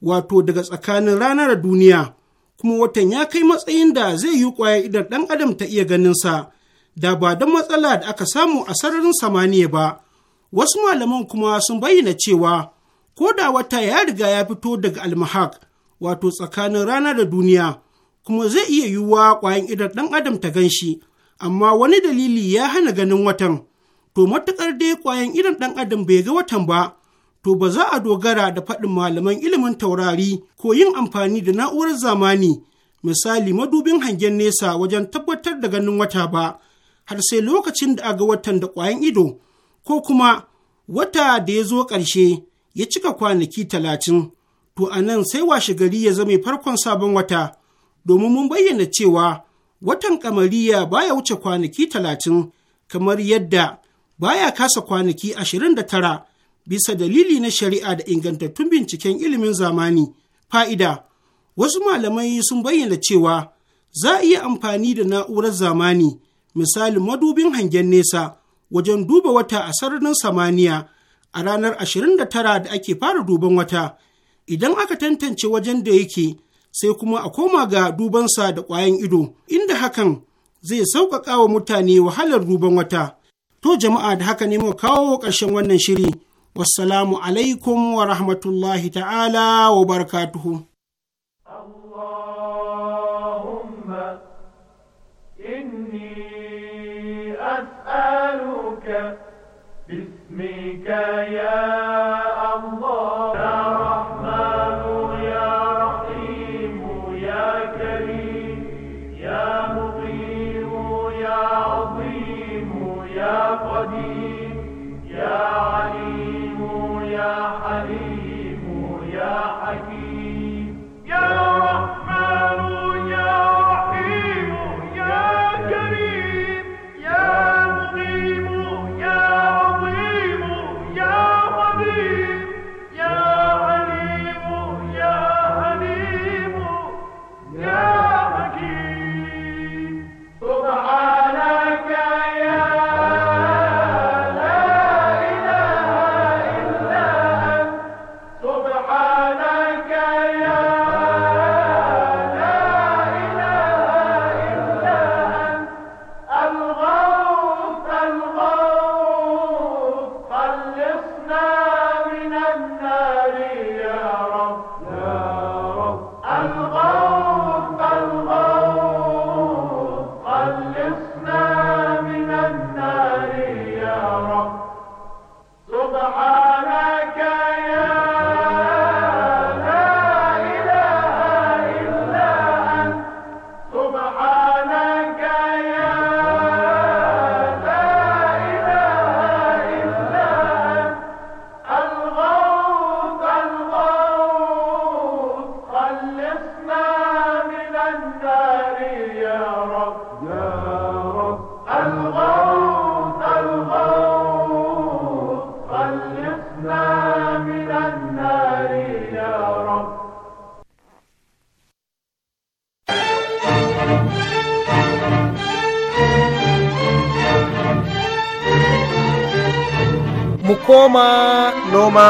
wato daga tsakanin ranar duniya kuma watan ya kai matsayin da zai yi kwaya idan ɗan adam ta iya ganin sa, da ba don matsala da aka samu a sararin samaniya ba wasu malaman kuma sun bayyana cewa ko da wata ya riga ya fito daga almahak wato tsakanin rana da duniya kuma zai iya yiwuwa kwayan idan ɗan adam ta gan shi amma wani dalili ya hana ganin watan, to matuƙar dai ƙwayan irin ɗan adam bai ga watan ba, to ba za a dogara da faɗin malaman ilimin taurari ko yin amfani da na'urar zamani, misali madubin hangen nesa wajen tabbatar da ganin wata ba, har sai lokacin da aga watan da ƙwayan ido, ko kuma wata da ya zo ƙarshe ya cika kwanaki talatin, to a nan sai washe gari ya zame farkon sabon wata, domin mun bayyana cewa watan kamariya baya wuce kwanaki talatin kamar yadda baya kasa kwanaki ashirin da tara bisa dalili na shari'a da ingantattun binciken ilimin zamani fa'ida wasu malamai sun bayyana cewa za a iya amfani da na'urar zamani misali madubin hangen nesa wajen duba wata a sararin samaniya a ranar 29 da ake fara duban wata idan aka tantance wajen da yake sai kuma a koma ga dubansa da ƙwayan ido inda hakan zai sauƙaƙa wa mutane wahalar duban wata to jama'a da haka ne mu kawo ƙarshen wannan shiri wassalamu alaikum wa rahmatullahi ta'ala wa barakatuhu Yeah. Yeah. noma noma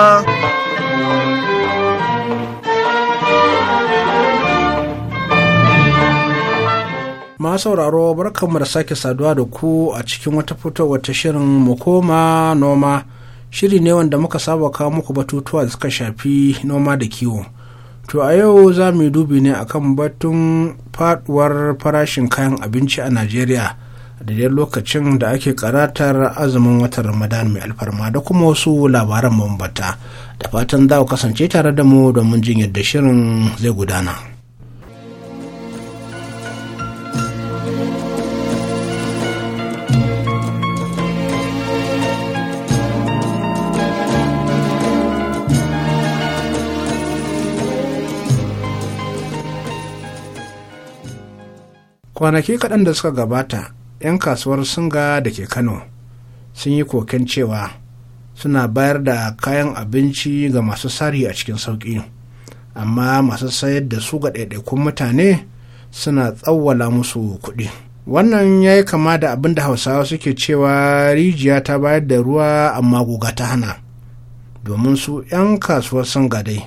ma sauraro barkanmu da sake saduwa da ku a cikin wata fito ta shirin mu koma noma shiri ne wanda muka saba kawo muku batutuwa da suka shafi noma da kiwo to a yau za mu yi dubi ne akan batun faduwar farashin kayan abinci a najeriya daidai lokacin da ake karatar azumin watan ramadan mai alfarma da kuma wasu labaran mambata da fatan za ku kasance tare da mu domin jin yadda shirin zai gudana kwanaki kaɗan da suka gabata 'yan kasuwar singa da ke kano sun yi koken cewa suna bayar da kayan abinci ga masu sari a cikin sauƙi amma masu sayar da su ga ɗaiɗaikun mutane suna tsawwala musu kuɗi wannan ya yi kama da abin da hausawa suke cewa rijiya ta bayar da ruwa amma guga ta hana domin su 'yan kasuwar singa dai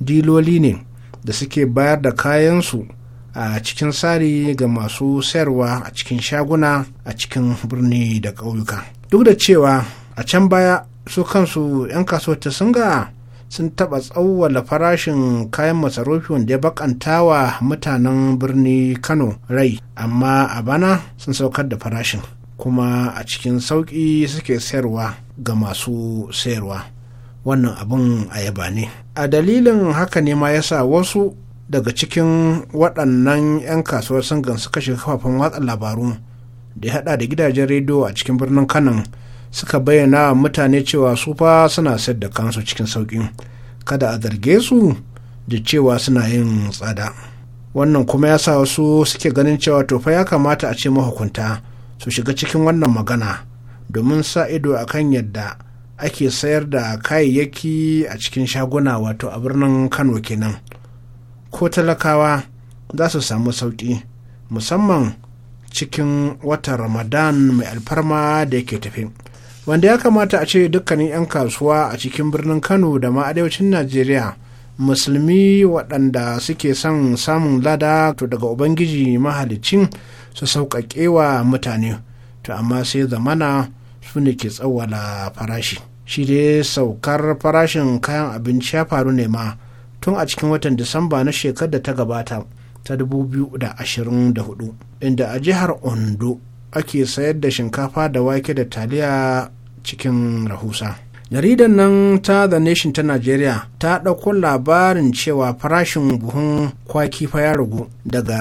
diloli ne da suke bayar da kayansu a cikin tsari ga masu sayarwa a cikin shaguna a cikin birni da ƙauyuka duk da cewa a can baya su kansu 'yan kasuwa ta ga sun taɓa tsawwala farashin kayan masarufi wanda ya bakanta wa mutanen birni kano rai amma a bana sun saukar da farashin kuma a cikin sauƙi suke sayarwa ga masu sayarwa wannan abin a yaba ne a dalilin haka ne ma yasa wasu daga cikin waɗannan 'yan kasuwar sun gansu kashe kafafen watsa labaru da ya haɗa da gidajen rediyo a cikin birnin Kano, suka bayyana mutane cewa su fa suna sayar da kansu cikin sauƙi kada a zarge su da cewa suna yin tsada wannan kuma ya sa wasu suke ganin cewa tofa ya kamata a ce mahukunta su shiga cikin wannan magana domin sa ido a kan yadda ake sayar da kayayyaki a cikin shaguna wato a birnin kano kenan ko talakawa za su samu sauƙi musamman cikin watan ramadan mai alfarma da yake tafi wanda ya kamata a ce dukkanin 'yan kasuwa a cikin birnin kano da ma arewacin najeriya musulmi waɗanda suke son samun lada to daga ubangiji mahalicin su sauƙaƙe wa mutane to amma sai zamana su ne ke tsawala farashi shi dai saukar farashin kayan abinci ya faru ne ma tun a cikin watan disamba na shekar da ta gabata ta 2024 inda a jihar ondo ake sayar da shinkafa da wake da taliya cikin rahusa jaridar nan ta the nation ta Najeriya ta ɗauko labarin cewa farashin buhun kwaki fa ya ragu daga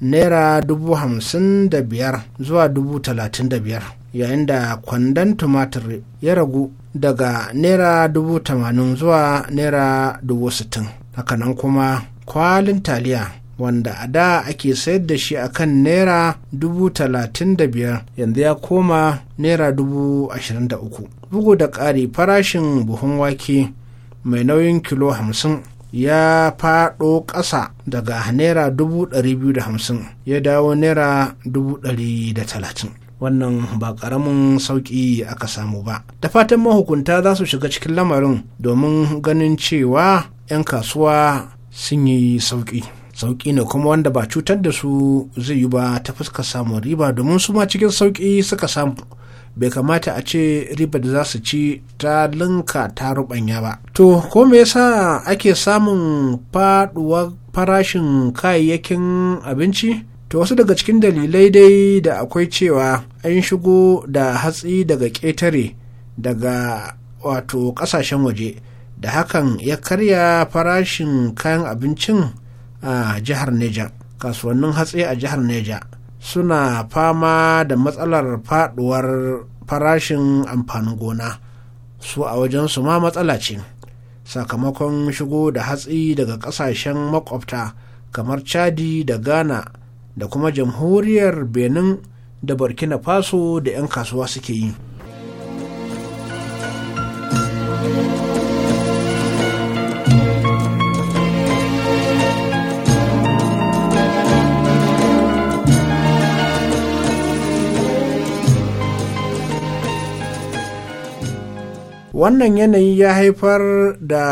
naira dubu hamsin da biyar zuwa dubu talatin da biyar yayin da kwandon tumatir ya ragu daga naira dubu tamanin zuwa naira dubu sittin hakanan kuma kwalin taliya wanda a da ake sayar da shi a kan naira dubu talatin da biyar yanzu ya koma naira dubu ashirin da uku bugu da ƙari farashin buhun wake mai nauyin kilo hamsin ya faɗo ƙasa daga naira dubu ɗari biyu da hamsin ya dawo naira dubu ɗari da talatin wannan ba karamin sauƙi aka samu ba da fatan mahukunta za su shiga cikin lamarin domin ganin cewa 'yan kasuwa sun yi sauƙi sauƙi ne kuma wanda ba cutar da su zai yi ba ta fuskar samun riba domin su ma cikin sauƙi suka samu bai kamata a ce riba da za su ci ta linka ta rubanya ba to ko me yasa ake samun faduwar farashin kayayyakin abinci to wasu daga cikin dalilai dai da akwai cewa an shigo da hatsi daga ƙetare daga wato ƙasashen waje da hakan ya karya farashin kayan abincin a jihar neja kasuwannin hatsi a jihar neja suna fama da matsalar faɗuwar farashin amfanin gona su a wajen su ma matsala ce sakamakon shigo da hatsi daga ƙasashen makwabta kamar chadi da ghana da kuma jamhuriyar benin da burkina faso da 'yan kasuwa suke yi wannan yanayi ya haifar da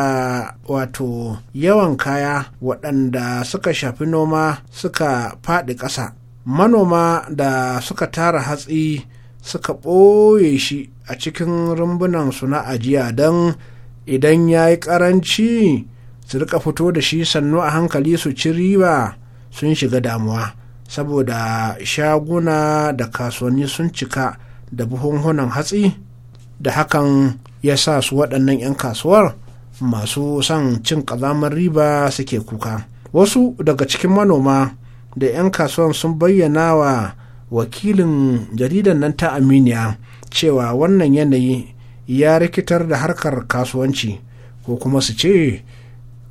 wato yawan kaya waɗanda suka shafi noma suka faɗi ƙasa manoma da suka tara hatsi suka ɓoye shi a cikin rumbunan su na ajiya don idan ya yi ƙaranci su rika fito da shi sannu a hankali su ci riba sun shiga damuwa saboda shaguna da kasuwanni sun cika da buhunhunan hatsi da hakan ya sa su waɗannan 'yan kasuwar masu son cin ƙazamar riba suke kuka wasu daga cikin manoma da 'yan kasuwar sun bayyana wa wakilin jaridan nan ta aminiya cewa wannan yanayi ya rikitar da harkar kasuwanci ko kuma su ce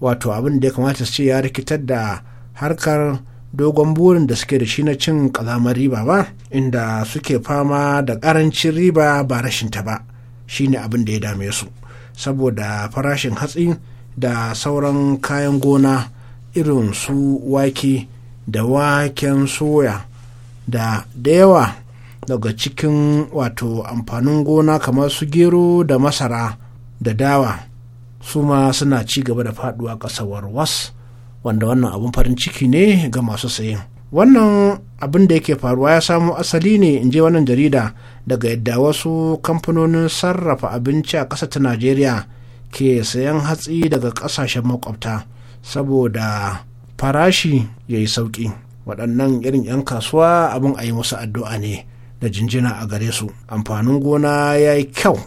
wato abin da ya kamata su ce ya rikitar da harkar dogon burin da suke da shi na cin ƙazamar riba ba inda suke fama da ƙarancin riba ba rashin ta ba shine abin da ya dame su saboda farashin hatsi da sauran kayan gona irin su wake da waken soya da da yawa daga cikin wato amfanin gona kamar su gero da masara da dawa su ma suna ci gaba da faduwa kasawar was wanda wannan abin farin ciki ne ga masu sayen wannan abin da yake faruwa ya samo asali ne in je wannan jarida daga yadda wasu kamfanonin sarrafa abinci a ƙasar ta najeriya ke sayan hatsi daga ƙasashen makwabta saboda farashi ya yi sauƙi waɗannan irin 'yan kasuwa abin a yi musu addu'a ne da jinjina a gare su amfanin gona ya yi kyau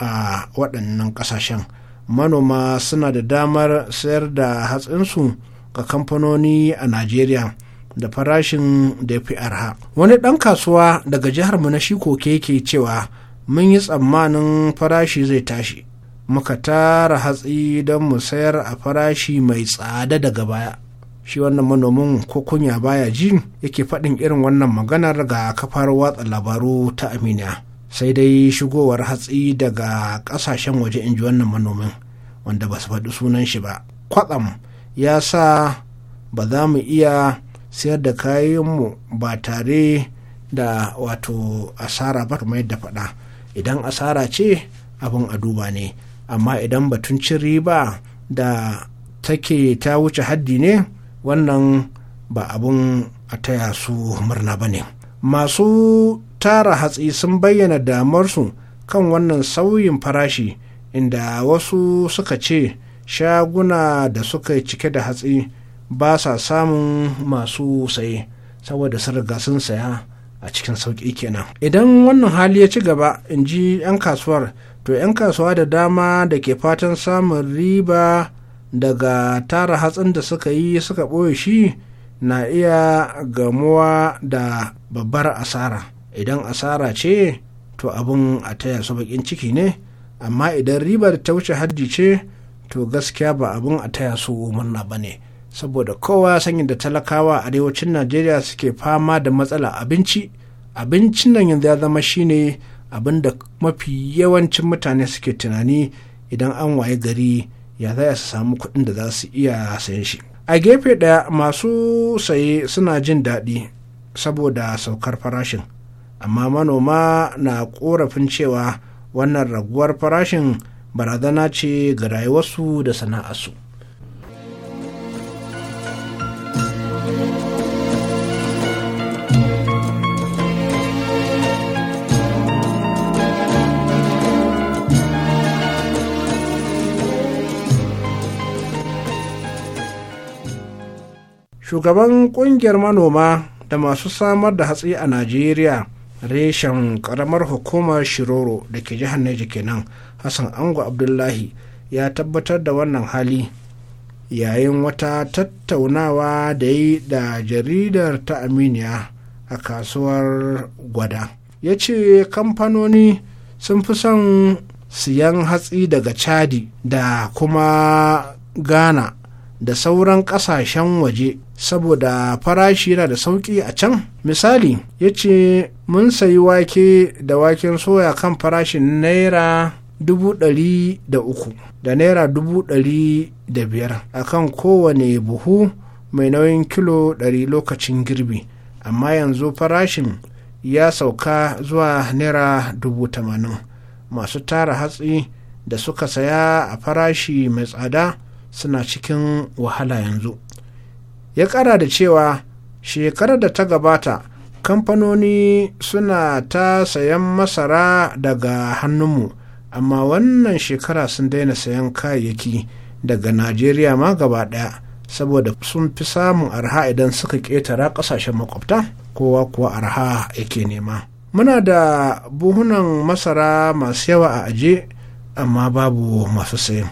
a waɗannan ƙasashen manoma suna da damar sayar da hatsinsu ga kamfanoni a najeriya da farashin da ya fi arha wani ɗan kasuwa daga jihar mu na shikoke ke cewa mun yi tsammanin farashi zai tashi muka tara hatsi don mu sayar a farashi mai tsada daga baya shi wannan manomin ko kunya baya ji yake faɗin irin wannan maganar ga kafar watsa labaru ta amina sai dai shigowar hatsi daga ƙasashen waje in ji wannan manomin wanda ba su faɗi sunan shi ba kwatsam ya sa ba za mu iya sayar da kayanmu ba tare da wato asara ba kamar yadda faɗa idan asara ce abin a duba ne amma idan batun ci riba da take ta wuce haddi ne wannan ba abin a taya su murna ba ne masu tara hatsi sun bayyana damarsu kan wannan sauyin farashi inda wasu suka ce shaguna da suka cike da hatsi ba sa samun masu saye saboda sun riga sun saya a cikin sauƙi kenan idan wannan hali ya ci gaba in ji 'yan kasuwar to 'yan kasuwa da dama da ke fatan samun riba daga tara hatsin da suka yi suka ɓoye shi na iya gamuwa da babbar asara idan asara ce to abin a taya su baƙin ciki ne amma idan ribar ta wuce haddi ce to gaskiya ba abin a taya su murna ba ne saboda kowa sanyin da talakawa a arewacin najeriya suke fama da matsala abinci abincin nan yanzu ya zama shine abin da mafi yawancin mutane suke tunani idan an waye gari ya za su samu kuɗin da za su iya sayan shi a gefe ɗaya masu saye suna jin daɗi saboda saukar farashin amma manoma na ƙorafin cewa wannan raguwar farashin barazana ce ga rayuwarsu da sana'arsu. shugaban kungiyar manoma da masu samar da hatsi a najeriya reshen karamar hukumar shiroro da ke jihar neja kenan hassan ango abdullahi ya tabbatar da wannan hali yayin wata tattaunawa da yi da jaridar ta aminiya a kasuwar gwada ya ce kamfanoni sun fi son siyan hatsi daga chadi da kuma ghana da sauran kasashen waje saboda farashi yana da sauƙi a can misali ya ce mun sayi wake da waken soya kan farashin naira dubu ɗari da uku da naira dubu ɗari da biyar a kan kowane buhu mai nauyin kilo ɗari lokacin girbi amma yanzu farashin ya sauka zuwa naira dubu tamanin masu tara hatsi da suka saya a farashi mai tsada suna cikin wahala yanzu ya ƙara da cewa shekarar da ta gabata kamfanoni suna ta sayan masara daga hannunmu amma wannan shekara sun daina sayan kayayyaki daga najeriya ma gaba ɗaya saboda sun fi samun arha idan suka ƙetara ƙasashen makwabta kowa kuwa arha yake nema muna da buhunan masara masu yawa a aje amma babu masu sayan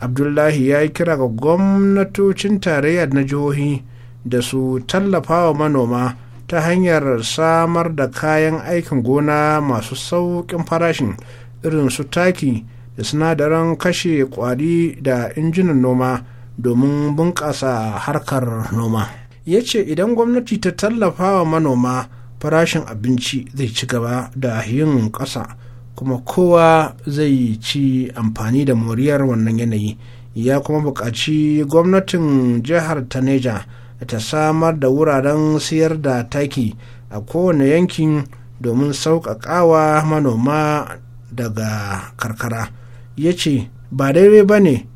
abdullahi ya yi kira ga gwamnatocin tarayya na jihohi da su tallafa wa manoma ta hanyar samar da kayan aikin gona masu sauƙin farashin irin su taki da sinadaran kashe kwari da injinan noma domin bunƙasa harkar noma ya ce idan gwamnati ta tallafa wa manoma farashin abinci zai ci gaba da yin ƙasa kuma kowa zai ci amfani da moriyar wannan yanayi ya kuma buƙaci gwamnatin jihar ta ta samar da wuraren siyar da taki a kowane yankin domin sauƙaƙawa manoma daga karkara ya ce ba daidai ba ne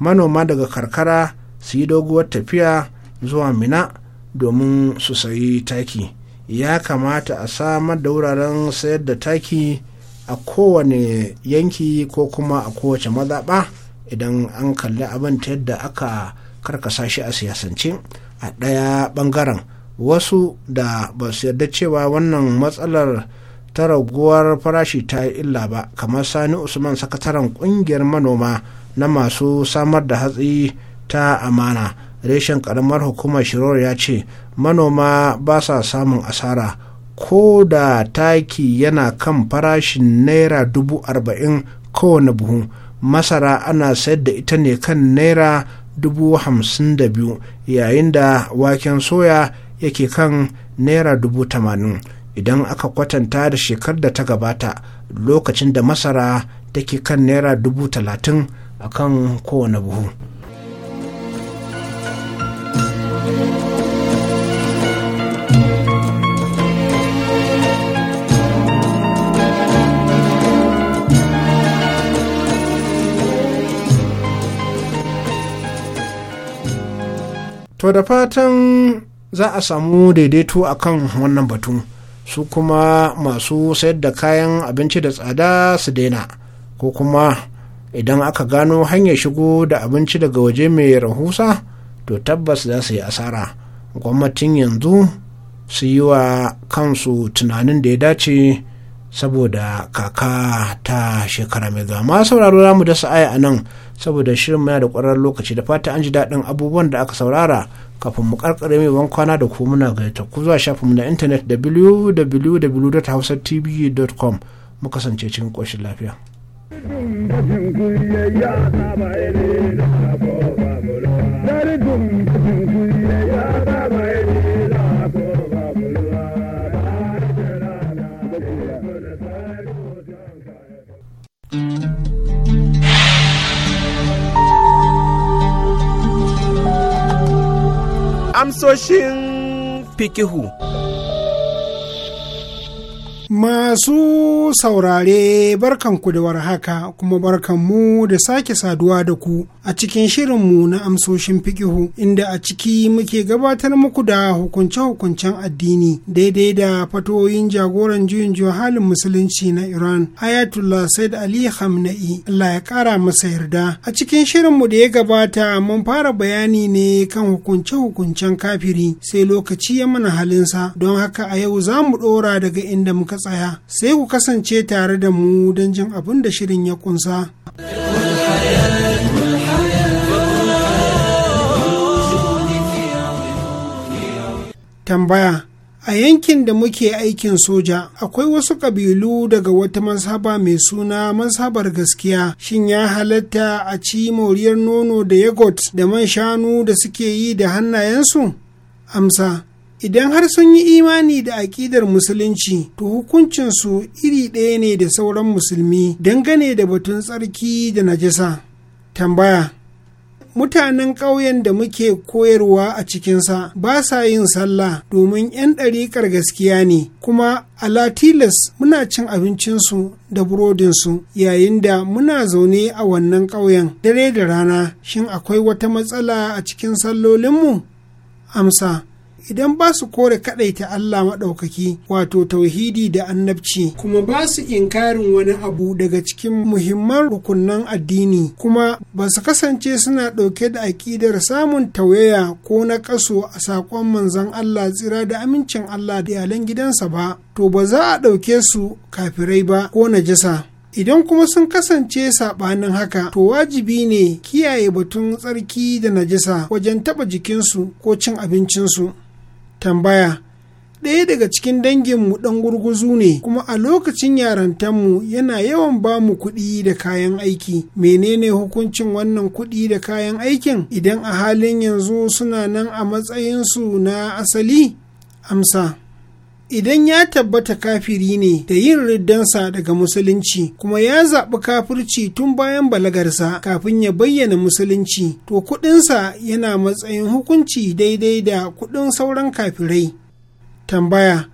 manoma daga karkara su yi doguwar tafiya zuwa mina domin su sayi taki ya kamata a samar da wuraren sayar da taki a kowane yanki ko kuma a kowace mazaɓa idan an kalli abin ta yadda aka karkasa shi a siyasance a ɗaya ɓangaren wasu da ba su yarda cewa wannan matsalar ta raguwar farashi ta illa ba kamar sani usman sakataren ƙungiyar manoma na masu samar da hatsi ta amana reshen ƙaramar hukumar shiror ya ce manoma ba sa samun asara ko da taki yana kan farashin naira dubu arba'in kowane buhu masara ana sayar da ita ne kan naira dubu hamsin da biyu yayin da waken soya yake kan naira dubu tamanin idan aka kwatanta da shekar da ta gabata lokacin da masara take kan naira dubu talatin a kan kowane buhu to da fatan za a samu daidaito a kan wannan batu su kuma masu sayar da kayan abinci da tsada su daina ko kuma idan aka gano hanyar shigo da abinci daga waje mai rahusa to tabbas za su yi asara gwamnatin yanzu su yi wa kansu tunanin da ya dace saboda kaka ta shekara mai zuwa ma sauraro za mu dasa aya a nan saboda shirin muna da ƙwarar lokaci da fata an ji daɗin abubuwan da aka saurara kafin mu karkare mai ban kwana da ku muna gaita ku zuwa shafin mu na intanet www.hausatv.com mu kasance cikin ƙoshin lafiya. amsoshin fikihu. Masu saurare barkanku da warhaka kuma barkanmu da sake saduwa da ku a cikin shirinmu na amsoshin fikihu inda a ciki muke gabatar muku da hukunce-hukuncen addini daidai da fatoyin jagoran juyin halin musulunci na Iran Ayatullah Said Ali Hamna'i Allah ya kara masa yarda. A cikin shirinmu da ya gabata mun fara bayani ne kan hukunce-hukuncen kafiri sai lokaci ya mana halinsa don haka a yau za mu ɗora daga inda muka tsaya sai ku kasance tare da mu don jin abin da shirin ya kunsa. Tambaya A yankin da muke aikin soja, akwai wasu ƙabilu daga wata mazhaba mai suna mazhabar gaskiya. Shin ya halatta a ci moriyar nono da yagot da man shanu da suke yi da hannayensu? Amsa. idan har sun yi imani da aƙidar musulunci to hukuncinsu iri ɗaya ne da sauran musulmi dangane da batun tsarki da najasa tambaya mutanen ƙauyen da muke koyarwa a cikinsa ba sa yin sallah domin 'yan ɗariƙar gaskiya ne kuma ala tilas muna cin abincinsu da burodinsu yayin da muna zaune a wannan ƙauyen dare da rana shin akwai wata matsala a cikin sallolinmu amsa idan ba su kore kaɗaita Allah maɗaukaki wato tauhidi da annabci kuma ba su inkarin wani abu daga cikin muhimman rukunan addini kuma ba su kasance suna ɗauke da aƙidar samun tauyaya ko na ƙaso a saƙon manzon Allah tsira da amincin Allah da iyalan gidansa ba to ba za a ɗauke su kafirai ba ko najasa idan kuma sun kasance saɓanin haka to wajibi ne kiyaye batun tsarki da najisa wajen taɓa jikinsu ko cin abincinsu tambaya ɗaya daga cikin danginmu ɗan gurguzu ne kuma a lokacin mu yana yawan ba mu kuɗi da kayan aiki menene hukuncin wannan kuɗi da kayan aikin idan a halin yanzu suna nan a matsayinsu na asali amsa idan ya tabbata kafiri ne da yin riddansa daga musulunci kuma ya zaɓi kafirci tun bayan balagarsa kafin ya bayyana musulunci to kuɗinsa yana matsayin hukunci daidai da kuɗin sauran kafirai tambaya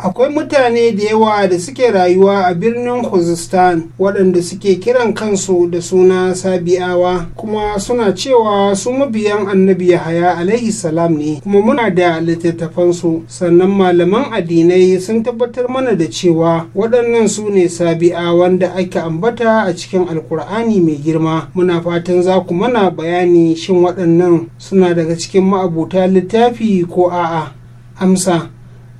akwai mutane da yawa da suke rayuwa a birnin khuzistan waɗanda suke kiran kansu da suna sabi'awa kuma suna cewa su mabiyan annabi yahaya alaihi salam ne kuma muna da littattafansu sannan malaman addinai sun tabbatar mana da cewa waɗannan su ne sabi'awan da ake ambata a cikin alkur'ani mai girma muna fatan za ku mana bayani shin waɗannan suna daga cikin ma'abuta littafi ko a'a amsa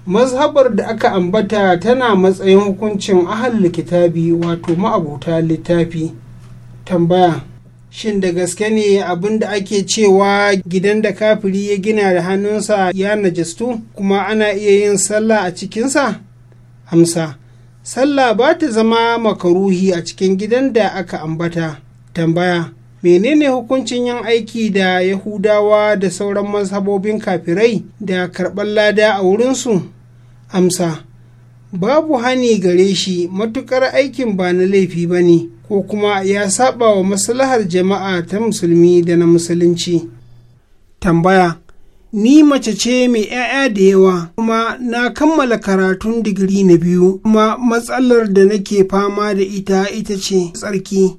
mazhabar da aka ambata tana matsayin hukuncin ahal kitabi wato ma'abuta littafi tambaya shin da gaske ne abin da ake cewa gidan da kafiri ya gina da hannunsa ya najistu kuma ana iya yin sallah a cikinsa amsa sallah ba ta zama makaruhi a cikin gidan da aka ambata tambaya menene hukuncin yin aiki da yahudawa da sauran mazhabobin kafirai da karɓar lada a wurinsu amsa babu hani gare shi matukar aikin ba na laifi ba ne ko kuma ya saba wa maslahar jama'a ta musulmi da na musulunci tambaya ni mace ce mai 'ya'ya da yawa kuma na kammala karatun digiri na biyu kuma matsalar da nake fama da ita ita ce tsarki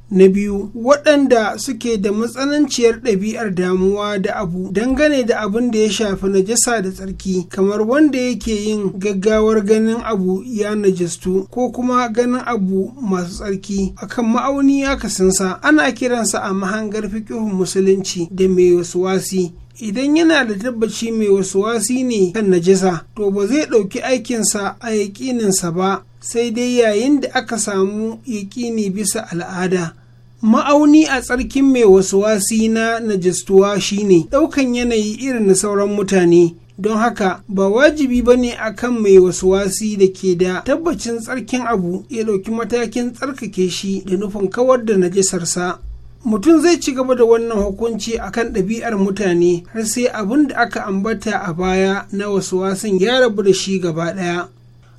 Na biyu, waɗanda suke da matsananciyar ɗabi'ar damuwa da abu dangane da abin da ya shafi najasa da tsarki, kamar wanda yake yin gaggawar ganin abu ya najastu ko kuma ganin abu masu tsarki akan ma'auni sinsa ana kiransa a mahangar fikihun musulunci da mai wasu wasi. idan yana da tabbaci mai wasu wasi ne kan najasa to ba zai ɗauki aikinsa a yaƙininsa ba sai dai yayin da aka samu yaƙini bisa al'ada ma'auni a tsarkin mai wasu wasi na najistuwa shine ɗaukan yanayi irin na sauran mutane don haka ba wajibi ba ne a kan mai wasi da ke da tabbacin tsarkin abu ya ɗauki matakin tsarkake shi da nufin kawar da najisarsa mutum zai ci gaba da wannan hukunci akan ɗabi'ar mutane har sai abin da aka ambata a baya na wasu wasan ya rabu da shi gaba ɗaya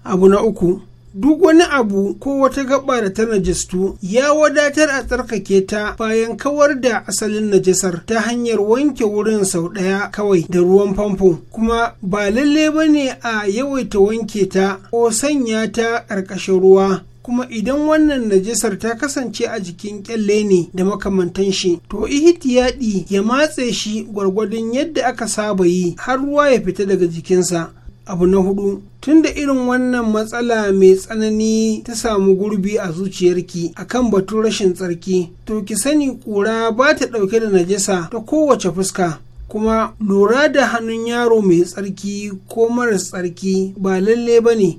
abu na uku duk wani abu ko wata gaba da ta najistu ya wadatar a tsarkake ta bayan kawar da asalin najasar ta hanyar wanke wurin sau ɗaya kawai da ruwan famfo kuma ba lalle ba ne a yawaita wanke ta ko sanya ta ƙarƙashin ruwa kuma idan wannan najasar ta kasance a jikin kyalle ne da makamantan shi to ihtiyadi ya matse shi gwargwadon yadda aka saba yi har ruwa ya fita daga jikinsa abu na hudu tunda irin wannan matsala mai tsanani ta samu gurbi a zuciyarki akan batun rashin tsarki to ki sani kura ba ta dauke da najasa ta kowace fuska kuma lura da hannun yaro mai tsarki ko maras tsarki ba lalle ba ne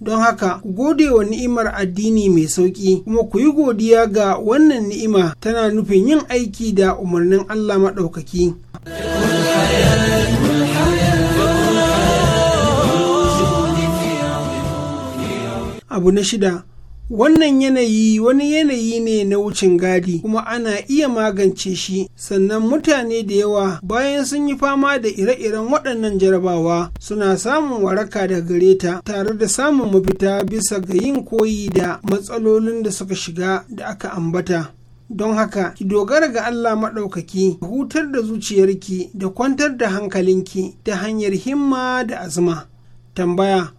don haka ku gode wa ni'imar addini mai sauƙi kuma ku yi godiya ga wannan ni'ima tana nufin yin aiki da umarnin Allah maɗaukaki. abu na shida Wannan yanayi wani yanayi ne na wucin gadi kuma ana iya magance shi sannan mutane da yawa bayan sun yi fama da ire-iren waɗannan jarabawa suna samun waraka da gare ta tare da samun mafita bisa ga yin koyi da matsalolin da suka shiga da aka ambata. don haka ki dogara ga Allah maɗaukaki hutar da zuciyarki da kwantar da hankalinki ta hanyar himma da azuma. Tambaya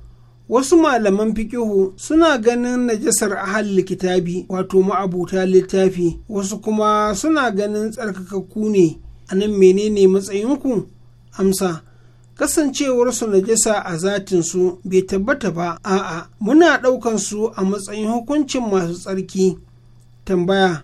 wasu malaman fikihu suna ganin najasar ahal kitabi wato ma'abuta littafi wasu kuma suna ganin tsarkakakku ne a nan menene matsayinku amsa kasancewarsu najasa a zatinsu bai tabbata ba a'a muna ɗaukan su a matsayin hukuncin masu tsarki tambaya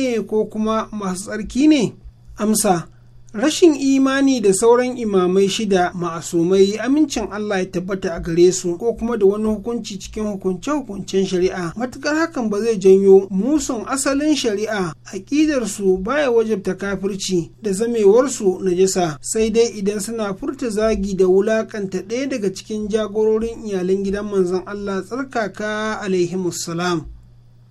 ne ko kuma masu tsarki ne amsa rashin imani da sauran imamai shida ma'asumai amincin Allah ya tabbata a gare su ko kuma da wani hukunci cikin hukunce-hukuncen shari'a matukar hakan ba zai janyo musun asalin shari'a ƙidarsu ba baya wajabta kafirci da zamewarsu na najasa sai dai idan suna furta zagi da wulaƙanta ɗaya daga cikin jagororin iyalan gidan manzon Allah tsarkaka salam.